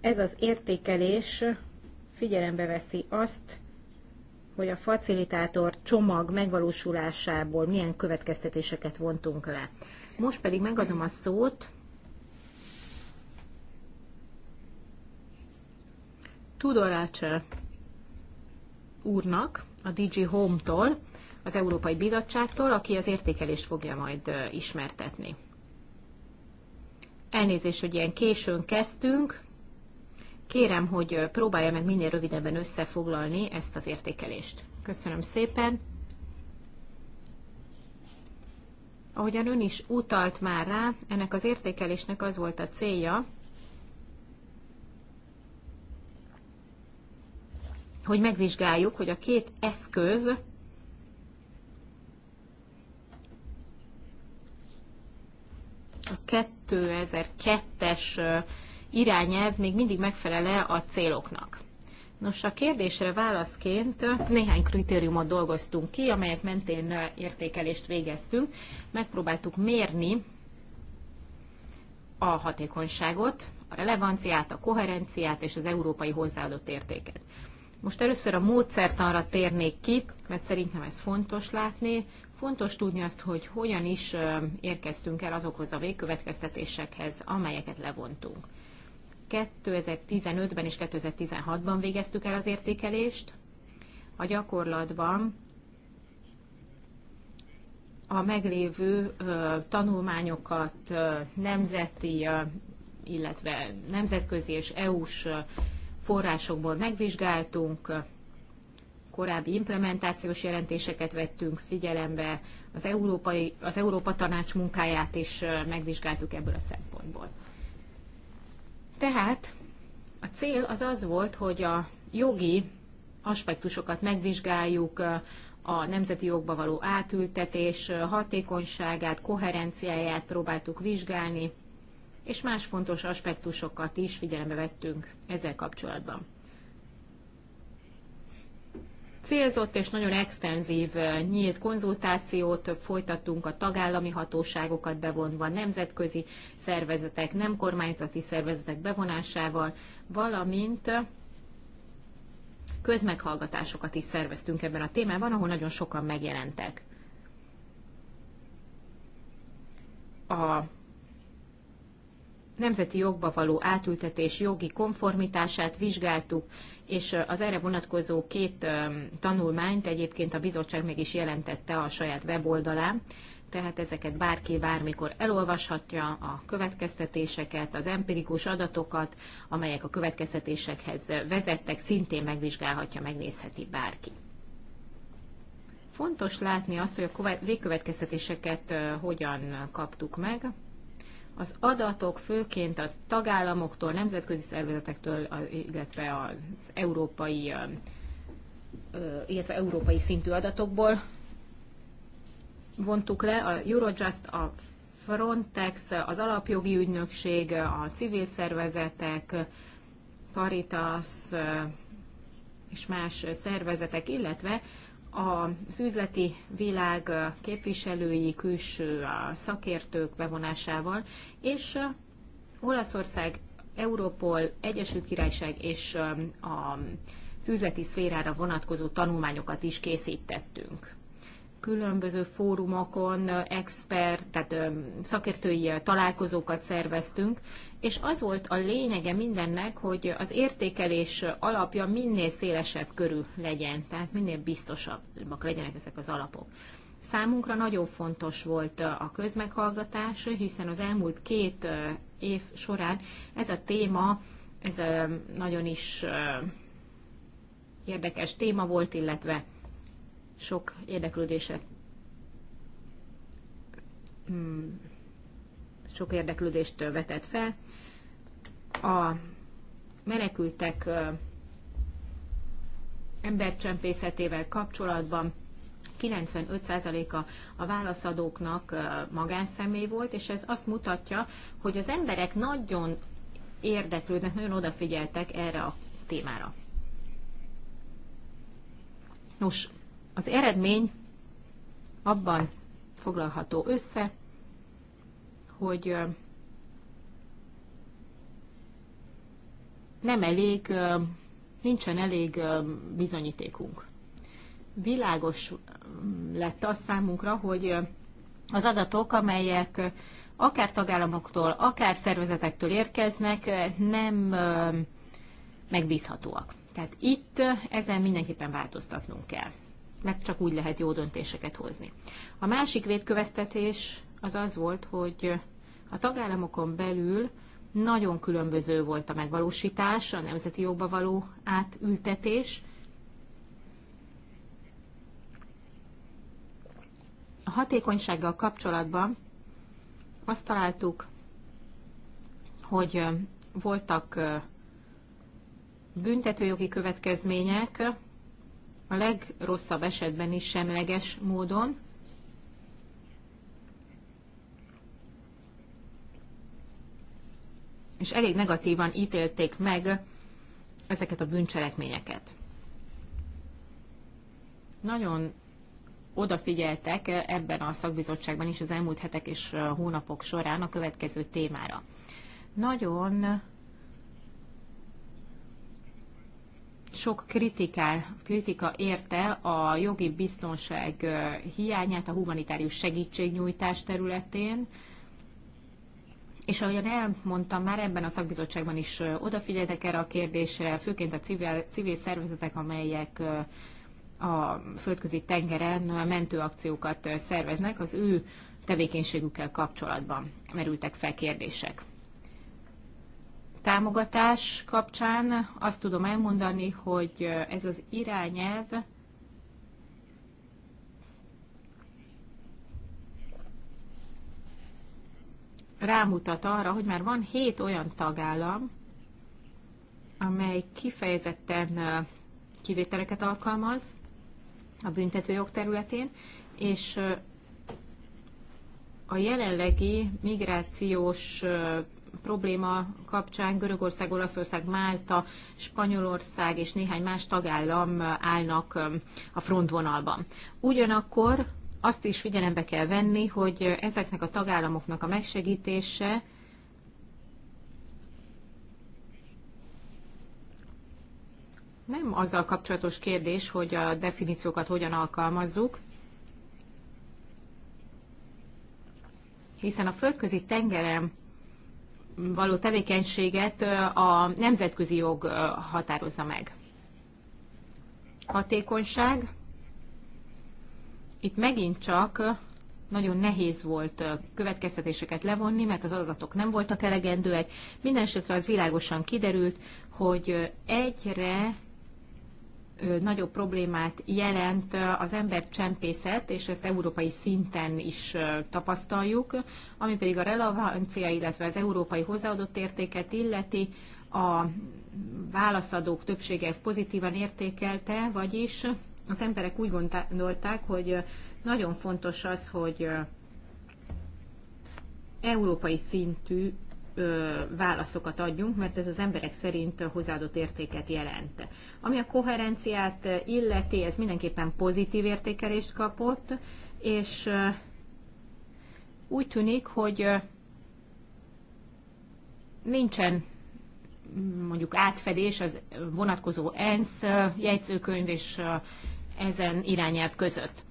ez az értékelés figyelembe veszi azt, hogy a facilitátor csomag megvalósulásából milyen következtetéseket vontunk le. Most pedig megadom a szót Tudor Ácsel úrnak, a DG Home-tól, az Európai Bizottságtól, aki az értékelést fogja majd ismertetni. Elnézést, hogy ilyen későn kezdtünk. Kérem, hogy próbálja meg minél rövidebben összefoglalni ezt az értékelést. Köszönöm szépen. Ahogyan ön is utalt már rá, ennek az értékelésnek az volt a célja, hogy megvizsgáljuk, hogy a két eszköz a 2002-es irányelv még mindig megfelele a céloknak. Nos, a kérdésre válaszként néhány kritériumot dolgoztunk ki, amelyek mentén értékelést végeztünk. Megpróbáltuk mérni a hatékonyságot, a relevanciát, a koherenciát és az európai hozzáadott értéket. Most először a módszertanra térnék ki, mert szerintem ez fontos látni. Fontos tudni azt, hogy hogyan is érkeztünk el azokhoz a végkövetkeztetésekhez, amelyeket levontunk. 2015-ben és 2016-ban végeztük el az értékelést. A gyakorlatban a meglévő tanulmányokat, nemzeti, illetve nemzetközi és EU-s forrásokból megvizsgáltunk, korábbi implementációs jelentéseket vettünk figyelembe, az, Európai, az Európa Tanács munkáját is megvizsgáltuk ebből a szempontból. Tehát a cél az az volt, hogy a jogi aspektusokat megvizsgáljuk, a nemzeti jogba való átültetés hatékonyságát, koherenciáját próbáltuk vizsgálni, és más fontos aspektusokat is figyelembe vettünk ezzel kapcsolatban. Célzott és nagyon extenzív nyílt konzultációt folytattunk a tagállami hatóságokat bevonva, nemzetközi szervezetek, nem kormányzati szervezetek bevonásával, valamint közmeghallgatásokat is szerveztünk ebben a témában, ahol nagyon sokan megjelentek. A nemzeti jogba való átültetés jogi konformitását vizsgáltuk, és az erre vonatkozó két tanulmányt egyébként a bizottság meg is jelentette a saját weboldalán, tehát ezeket bárki bármikor elolvashatja, a következtetéseket, az empirikus adatokat, amelyek a következtetésekhez vezettek, szintén megvizsgálhatja, megnézheti bárki. Fontos látni azt, hogy a végkövetkeztetéseket hogyan kaptuk meg, az adatok főként a tagállamoktól, nemzetközi szervezetektől, illetve az európai, illetve európai szintű adatokból vontuk le. A Eurojust, a Frontex, az alapjogi ügynökség, a civil szervezetek, Caritas és más szervezetek, illetve az üzleti világ képviselői, külső szakértők bevonásával, és Olaszország, Európol, Egyesült Királyság és a az üzleti szférára vonatkozó tanulmányokat is készítettünk különböző fórumokon expert, tehát szakértői találkozókat szerveztünk, és az volt a lényege mindennek, hogy az értékelés alapja minél szélesebb körű legyen, tehát minél biztosabbak legyenek ezek az alapok. Számunkra nagyon fontos volt a közmeghallgatás, hiszen az elmúlt két év során ez a téma, ez nagyon is érdekes téma volt, illetve sok érdeklődése hmm. sok érdeklődést vetett fel. A menekültek embercsempészetével kapcsolatban 95%-a a válaszadóknak magánszemély volt, és ez azt mutatja, hogy az emberek nagyon érdeklődnek, nagyon odafigyeltek erre a témára. Nos, az eredmény abban foglalható össze, hogy nem elég, nincsen elég bizonyítékunk. Világos lett az számunkra, hogy az adatok, amelyek akár tagállamoktól, akár szervezetektől érkeznek, nem megbízhatóak. Tehát itt ezen mindenképpen változtatnunk kell mert csak úgy lehet jó döntéseket hozni. A másik védköveztetés az az volt, hogy a tagállamokon belül nagyon különböző volt a megvalósítás, a nemzeti jogba való átültetés. A hatékonysággal kapcsolatban azt találtuk, hogy voltak büntetőjogi következmények, a legrosszabb esetben is semleges módon. És elég negatívan ítélték meg ezeket a bűncselekményeket. Nagyon odafigyeltek ebben a szakbizottságban is az elmúlt hetek és hónapok során a következő témára. Nagyon sok kritikál, kritika érte a jogi biztonság hiányát a humanitárius segítségnyújtás területén, és ahogyan elmondtam már ebben a szakbizottságban is odafigyeltek erre a kérdésre, főként a civil, civil szervezetek, amelyek a földközi tengeren mentőakciókat szerveznek, az ő tevékenységükkel kapcsolatban merültek fel kérdések támogatás kapcsán azt tudom elmondani, hogy ez az irányelv rámutat arra, hogy már van hét olyan tagállam, amely kifejezetten kivételeket alkalmaz a jog területén, és a jelenlegi migrációs probléma kapcsán Görögország, Olaszország, Málta, Spanyolország és néhány más tagállam állnak a frontvonalban. Ugyanakkor azt is figyelembe kell venni, hogy ezeknek a tagállamoknak a megsegítése nem azzal kapcsolatos kérdés, hogy a definíciókat hogyan alkalmazzuk, hiszen a földközi tengeren való tevékenységet a nemzetközi jog határozza meg. Hatékonyság. Itt megint csak nagyon nehéz volt következtetéseket levonni, mert az adatok nem voltak elegendőek. Mindenesetre az világosan kiderült, hogy egyre nagyobb problémát jelent az ember csempészet, és ezt európai szinten is tapasztaljuk, ami pedig a relevancia, illetve az európai hozzáadott értéket illeti, a válaszadók többsége ezt pozitívan értékelte, vagyis az emberek úgy gondolták, hogy nagyon fontos az, hogy európai szintű ö, válaszokat adjunk, mert ez az emberek szerint hozzáadott értéket jelent. Ami a koherenciát illeti, ez mindenképpen pozitív értékelést kapott, és ö, úgy tűnik, hogy ö, nincsen mondjuk átfedés az vonatkozó ENSZ jegyzőkönyv és ezen irányelv között.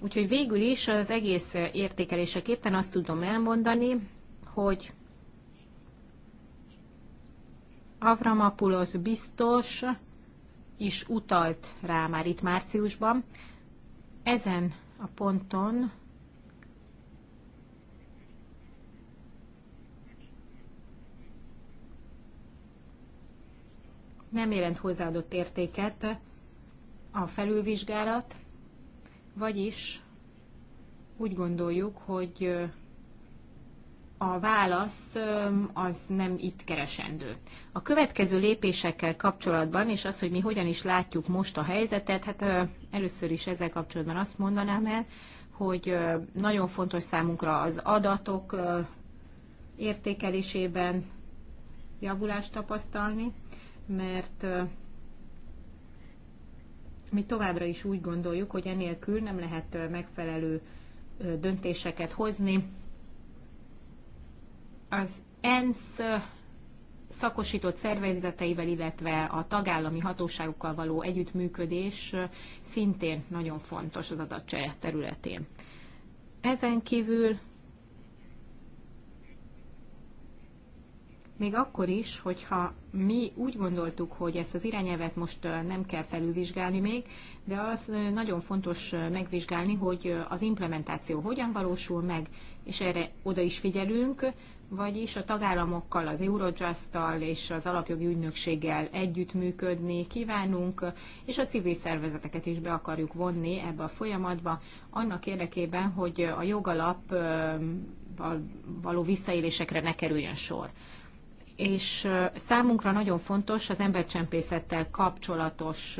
Úgyhogy végül is az egész értékeléseképpen azt tudom elmondani, hogy Avramapulos biztos is utalt rá már itt márciusban. Ezen a ponton nem jelent hozzáadott értéket a felülvizsgálat, vagyis úgy gondoljuk, hogy a válasz az nem itt keresendő. A következő lépésekkel kapcsolatban, és az, hogy mi hogyan is látjuk most a helyzetet, hát először is ezzel kapcsolatban azt mondanám el, hogy nagyon fontos számunkra az adatok értékelésében javulást tapasztalni, mert mi továbbra is úgy gondoljuk, hogy enélkül nem lehet megfelelő döntéseket hozni, az ENSZ szakosított szervezeteivel, illetve a tagállami hatóságokkal való együttműködés szintén nagyon fontos az adatcsere területén. Ezen kívül még akkor is, hogyha mi úgy gondoltuk, hogy ezt az irányelvet most nem kell felülvizsgálni még, de az nagyon fontos megvizsgálni, hogy az implementáció hogyan valósul meg, és erre oda is figyelünk, vagyis a tagállamokkal, az eurojust és az alapjogi ügynökséggel együttműködni kívánunk, és a civil szervezeteket is be akarjuk vonni ebbe a folyamatba, annak érdekében, hogy a jogalap való visszaélésekre ne kerüljön sor. És számunkra nagyon fontos az embercsempészettel kapcsolatos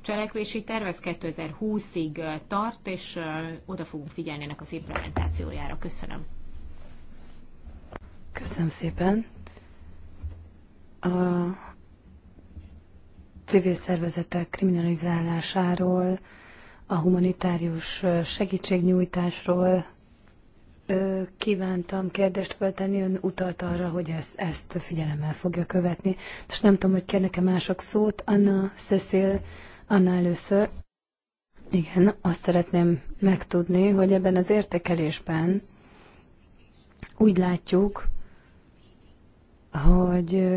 cselekvési terv, ez 2020-ig tart, és oda fogunk figyelni ennek az implementációjára. Köszönöm. Köszönöm szépen. A civil szervezetek kriminalizálásáról, a humanitárius segítségnyújtásról kívántam kérdést föltenni, ön utalt arra, hogy ezt, ezt figyelemmel fogja követni. És nem tudom, hogy kérnek-e mások szót. Anna, Cecil, Anna először. Igen, azt szeretném megtudni, hogy ebben az értékelésben úgy látjuk, hogy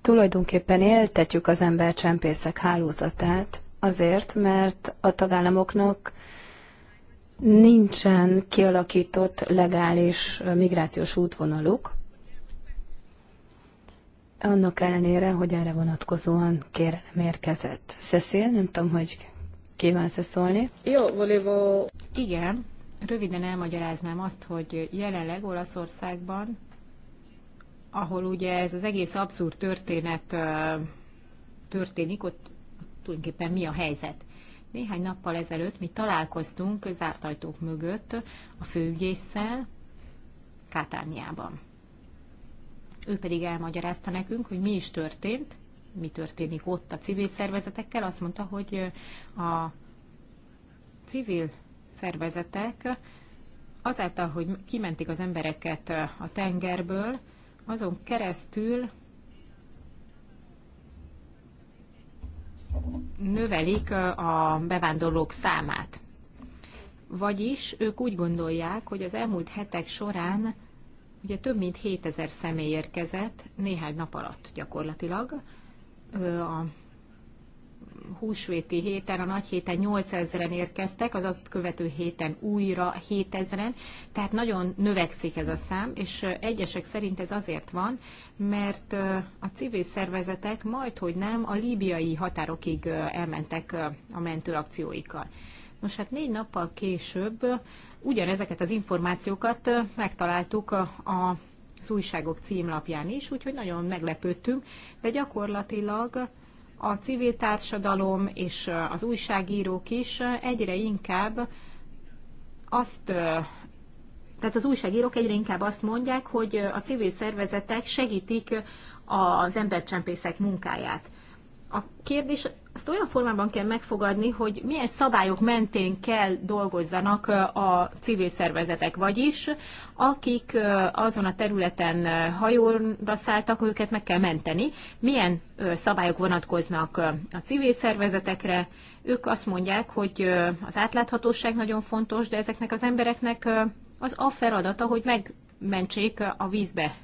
tulajdonképpen éltetjük az csempészek hálózatát azért, mert a tagállamoknak nincsen kialakított legális migrációs útvonaluk, annak ellenére, hogy erre vonatkozóan kér érkezett. Cecil, nem tudom, hogy kívánsz-e szólni. Jó, volevo. Igen röviden elmagyaráznám azt, hogy jelenleg Olaszországban, ahol ugye ez az egész abszurd történet történik, ott tulajdonképpen mi a helyzet. Néhány nappal ezelőtt mi találkoztunk zárt ajtók mögött a főügyészszel Kátániában. Ő pedig elmagyarázta nekünk, hogy mi is történt, mi történik ott a civil szervezetekkel. Azt mondta, hogy a civil szervezetek azáltal, hogy kimentik az embereket a tengerből, azon keresztül növelik a bevándorlók számát. Vagyis ők úgy gondolják, hogy az elmúlt hetek során ugye több mint 7000 személy érkezett néhány nap alatt gyakorlatilag a húsvéti héten, a nagy héten 8000-en érkeztek, az azt követő héten újra 7000-en, tehát nagyon növekszik ez a szám, és egyesek szerint ez azért van, mert a civil szervezetek majd, hogy nem, a líbiai határokig elmentek a mentőakcióikkal. Most hát négy nappal később ugyanezeket az információkat megtaláltuk a az újságok címlapján is, úgyhogy nagyon meglepődtünk, de gyakorlatilag a civil társadalom és az újságírók is egyre inkább azt tehát az újságírók egyre inkább azt mondják, hogy a civil szervezetek segítik az embercsempészek munkáját. A kérdés azt olyan formában kell megfogadni, hogy milyen szabályok mentén kell dolgozzanak a civil szervezetek, vagyis akik azon a területen hajóra szálltak, őket meg kell menteni. Milyen szabályok vonatkoznak a civil szervezetekre? Ők azt mondják, hogy az átláthatóság nagyon fontos, de ezeknek az embereknek az a feladata, hogy megmentsék a vízbe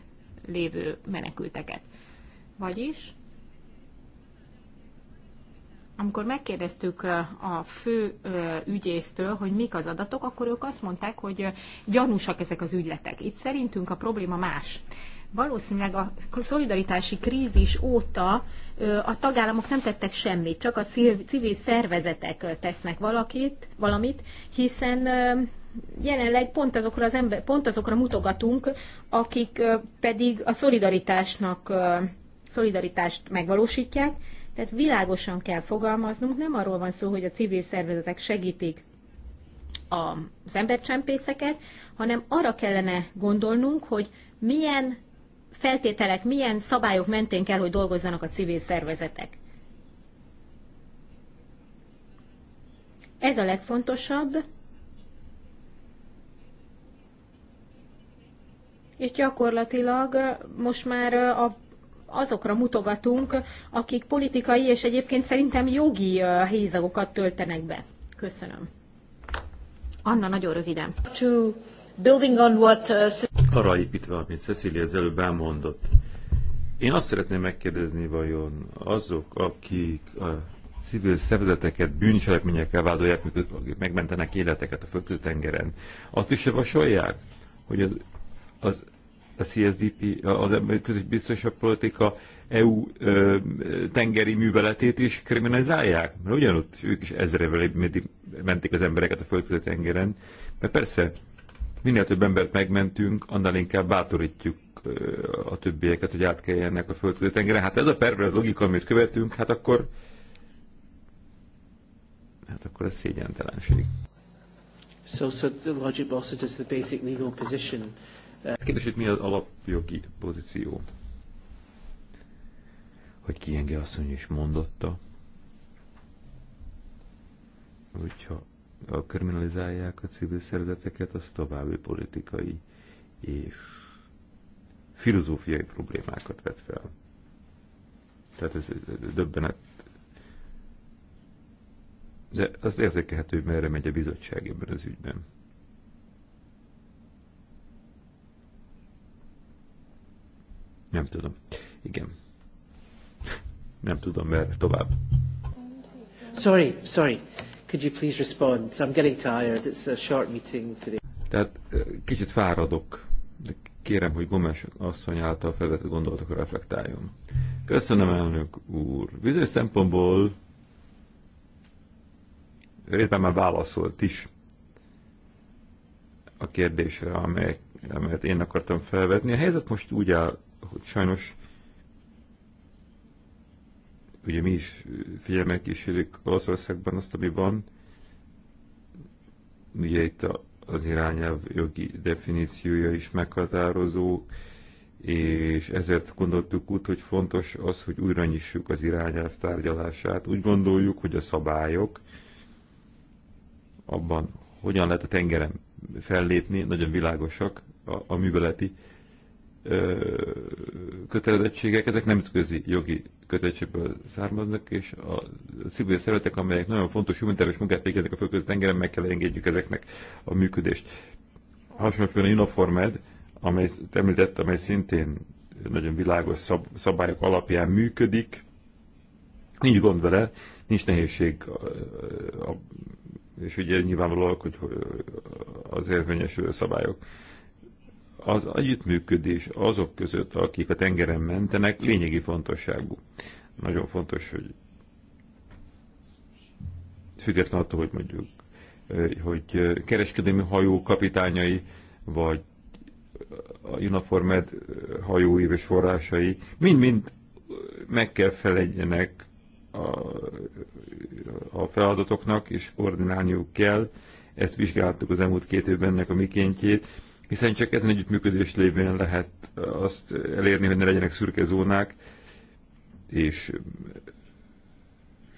lévő menekülteket. Vagyis amikor megkérdeztük a fő ügyésztől, hogy mik az adatok, akkor ők azt mondták, hogy gyanúsak ezek az ügyletek. Itt szerintünk a probléma más. Valószínűleg a szolidaritási krízis óta a tagállamok nem tettek semmit, csak a civil szervezetek tesznek valakit, valamit, hiszen jelenleg pont azokra, az ember, pont azokra mutogatunk, akik pedig a szolidaritásnak, szolidaritást megvalósítják, tehát világosan kell fogalmaznunk, nem arról van szó, hogy a civil szervezetek segítik az embercsempészeket, hanem arra kellene gondolnunk, hogy milyen feltételek, milyen szabályok mentén kell, hogy dolgozzanak a civil szervezetek. Ez a legfontosabb, és gyakorlatilag most már a azokra mutogatunk, akik politikai és egyébként szerintem jogi hézagokat töltenek be. Köszönöm. Anna, nagyon röviden. To building on what, uh, Arra építve, amit Cecilia az előbb elmondott. Én azt szeretném megkérdezni, vajon azok, akik a civil szervezeteket bűncselekményekkel vádolják, akik megmentenek életeket a földtengeren, azt is javasolják, hogy az, az a CSDP, a közös biztonság politika EU ö, tengeri műveletét is kriminalizálják? Mert ugyanott ők is ezrevel mentik az embereket a földközi tengeren. Mert persze, minél több embert megmentünk, annál inkább bátorítjuk a többieket, hogy átkeljenek a földközi tengeren. Hát ez a perverz logika, amit követünk, hát akkor hát akkor ez szégyentelenség. So, so the logic also does the basic legal position Kérdés, hogy mi az alapjogi pozíció? Hogy Kienge asszony is mondotta, hogyha a kriminalizálják a civil szervezeteket, az további politikai és filozófiai problémákat vet fel. Tehát ez döbbenet. De az érzékelhető, hogy merre megy a bizottság ebben az ügyben. Nem tudom. Igen. Nem tudom, mert tovább. Sorry, sorry. Could you please respond? I'm getting tired. It's a short meeting today. Tehát kicsit fáradok, de kérem, hogy Gomes asszony által felvetett gondolatokra reflektáljon. Köszönöm, elnök úr. Bizonyos szempontból részben már válaszolt is a kérdésre, amelyet én akartam felvetni. A helyzet most úgy áll hogy sajnos ugye mi is figyelemmel kísérjük Olaszországban azt, ami van, ugye itt az irányelv jogi definíciója is meghatározó, és ezért gondoltuk úgy, hogy fontos az, hogy újra nyissuk az irányelv tárgyalását. Úgy gondoljuk, hogy a szabályok abban, hogyan lehet a tengeren fellépni, nagyon világosak a, a műveleti kötelezettségek, ezek nemzetközi jogi kötelezettségből származnak, és a civil szervezetek, amelyek nagyon fontos humanitárius munkát végeznek a földközi tengeren, meg kell engedjük ezeknek a működést. Hasonlóan a Uniformed, amely említett, amely szintén nagyon világos szab, szabályok alapján működik, nincs gond vele, nincs nehézség, a, a, és ugye nyilvánvalóak, hogy az érvényesülő szabályok az együttműködés azok között, akik a tengeren mentenek, lényegi fontosságú. Nagyon fontos, hogy független attól, hogy mondjuk hogy kereskedelmi hajó kapitányai, vagy a Unaformed hajói és forrásai mind-mind meg kell felejjenek a, a feladatoknak, és koordinálniuk kell. Ezt vizsgáltuk az elmúlt két évben ennek a mikéntjét hiszen csak ezen együttműködés lévén lehet azt elérni, hogy ne legyenek szürke zónák, és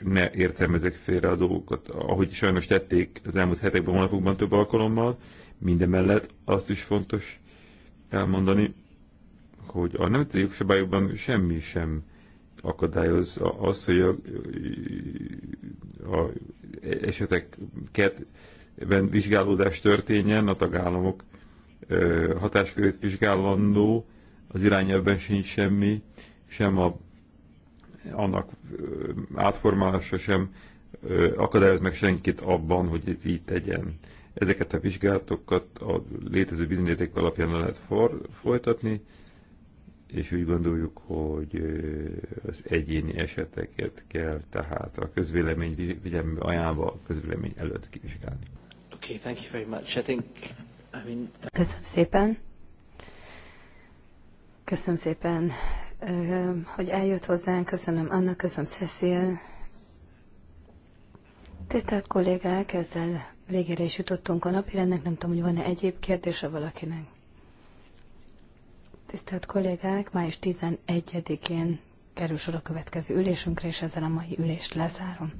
ne értelmezek félre a dolgokat, ahogy sajnos tették az elmúlt hetekben, hónapokban több alkalommal. Mindemellett azt is fontos elmondani, hogy a nemzeti jogszabályokban semmi sem akadályoz az, hogy a, a eseteket vizsgálódás történjen a tagállamok hatáskörét vizsgálandó, az irányelvben sincs semmi, sem a, annak átformálása sem akadályoz meg senkit abban, hogy ez így tegyen. Ezeket a vizsgálatokat a létező bizonyíték alapján le lehet for, folytatni, és úgy gondoljuk, hogy az egyéni eseteket kell tehát a közvélemény figyelme ajánlva a közvélemény előtt kivizsgálni. Okay, thank you very much. I think Köszönöm szépen. Köszönöm szépen, hogy eljött hozzánk. Köszönöm Anna, köszönöm Cecil. Tisztelt kollégák, ezzel végére is jutottunk a napirendnek. Nem tudom, hogy van-e egyéb kérdése valakinek. Tisztelt kollégák, május 11-én kerül sor a következő ülésünkre, és ezzel a mai ülést lezárom.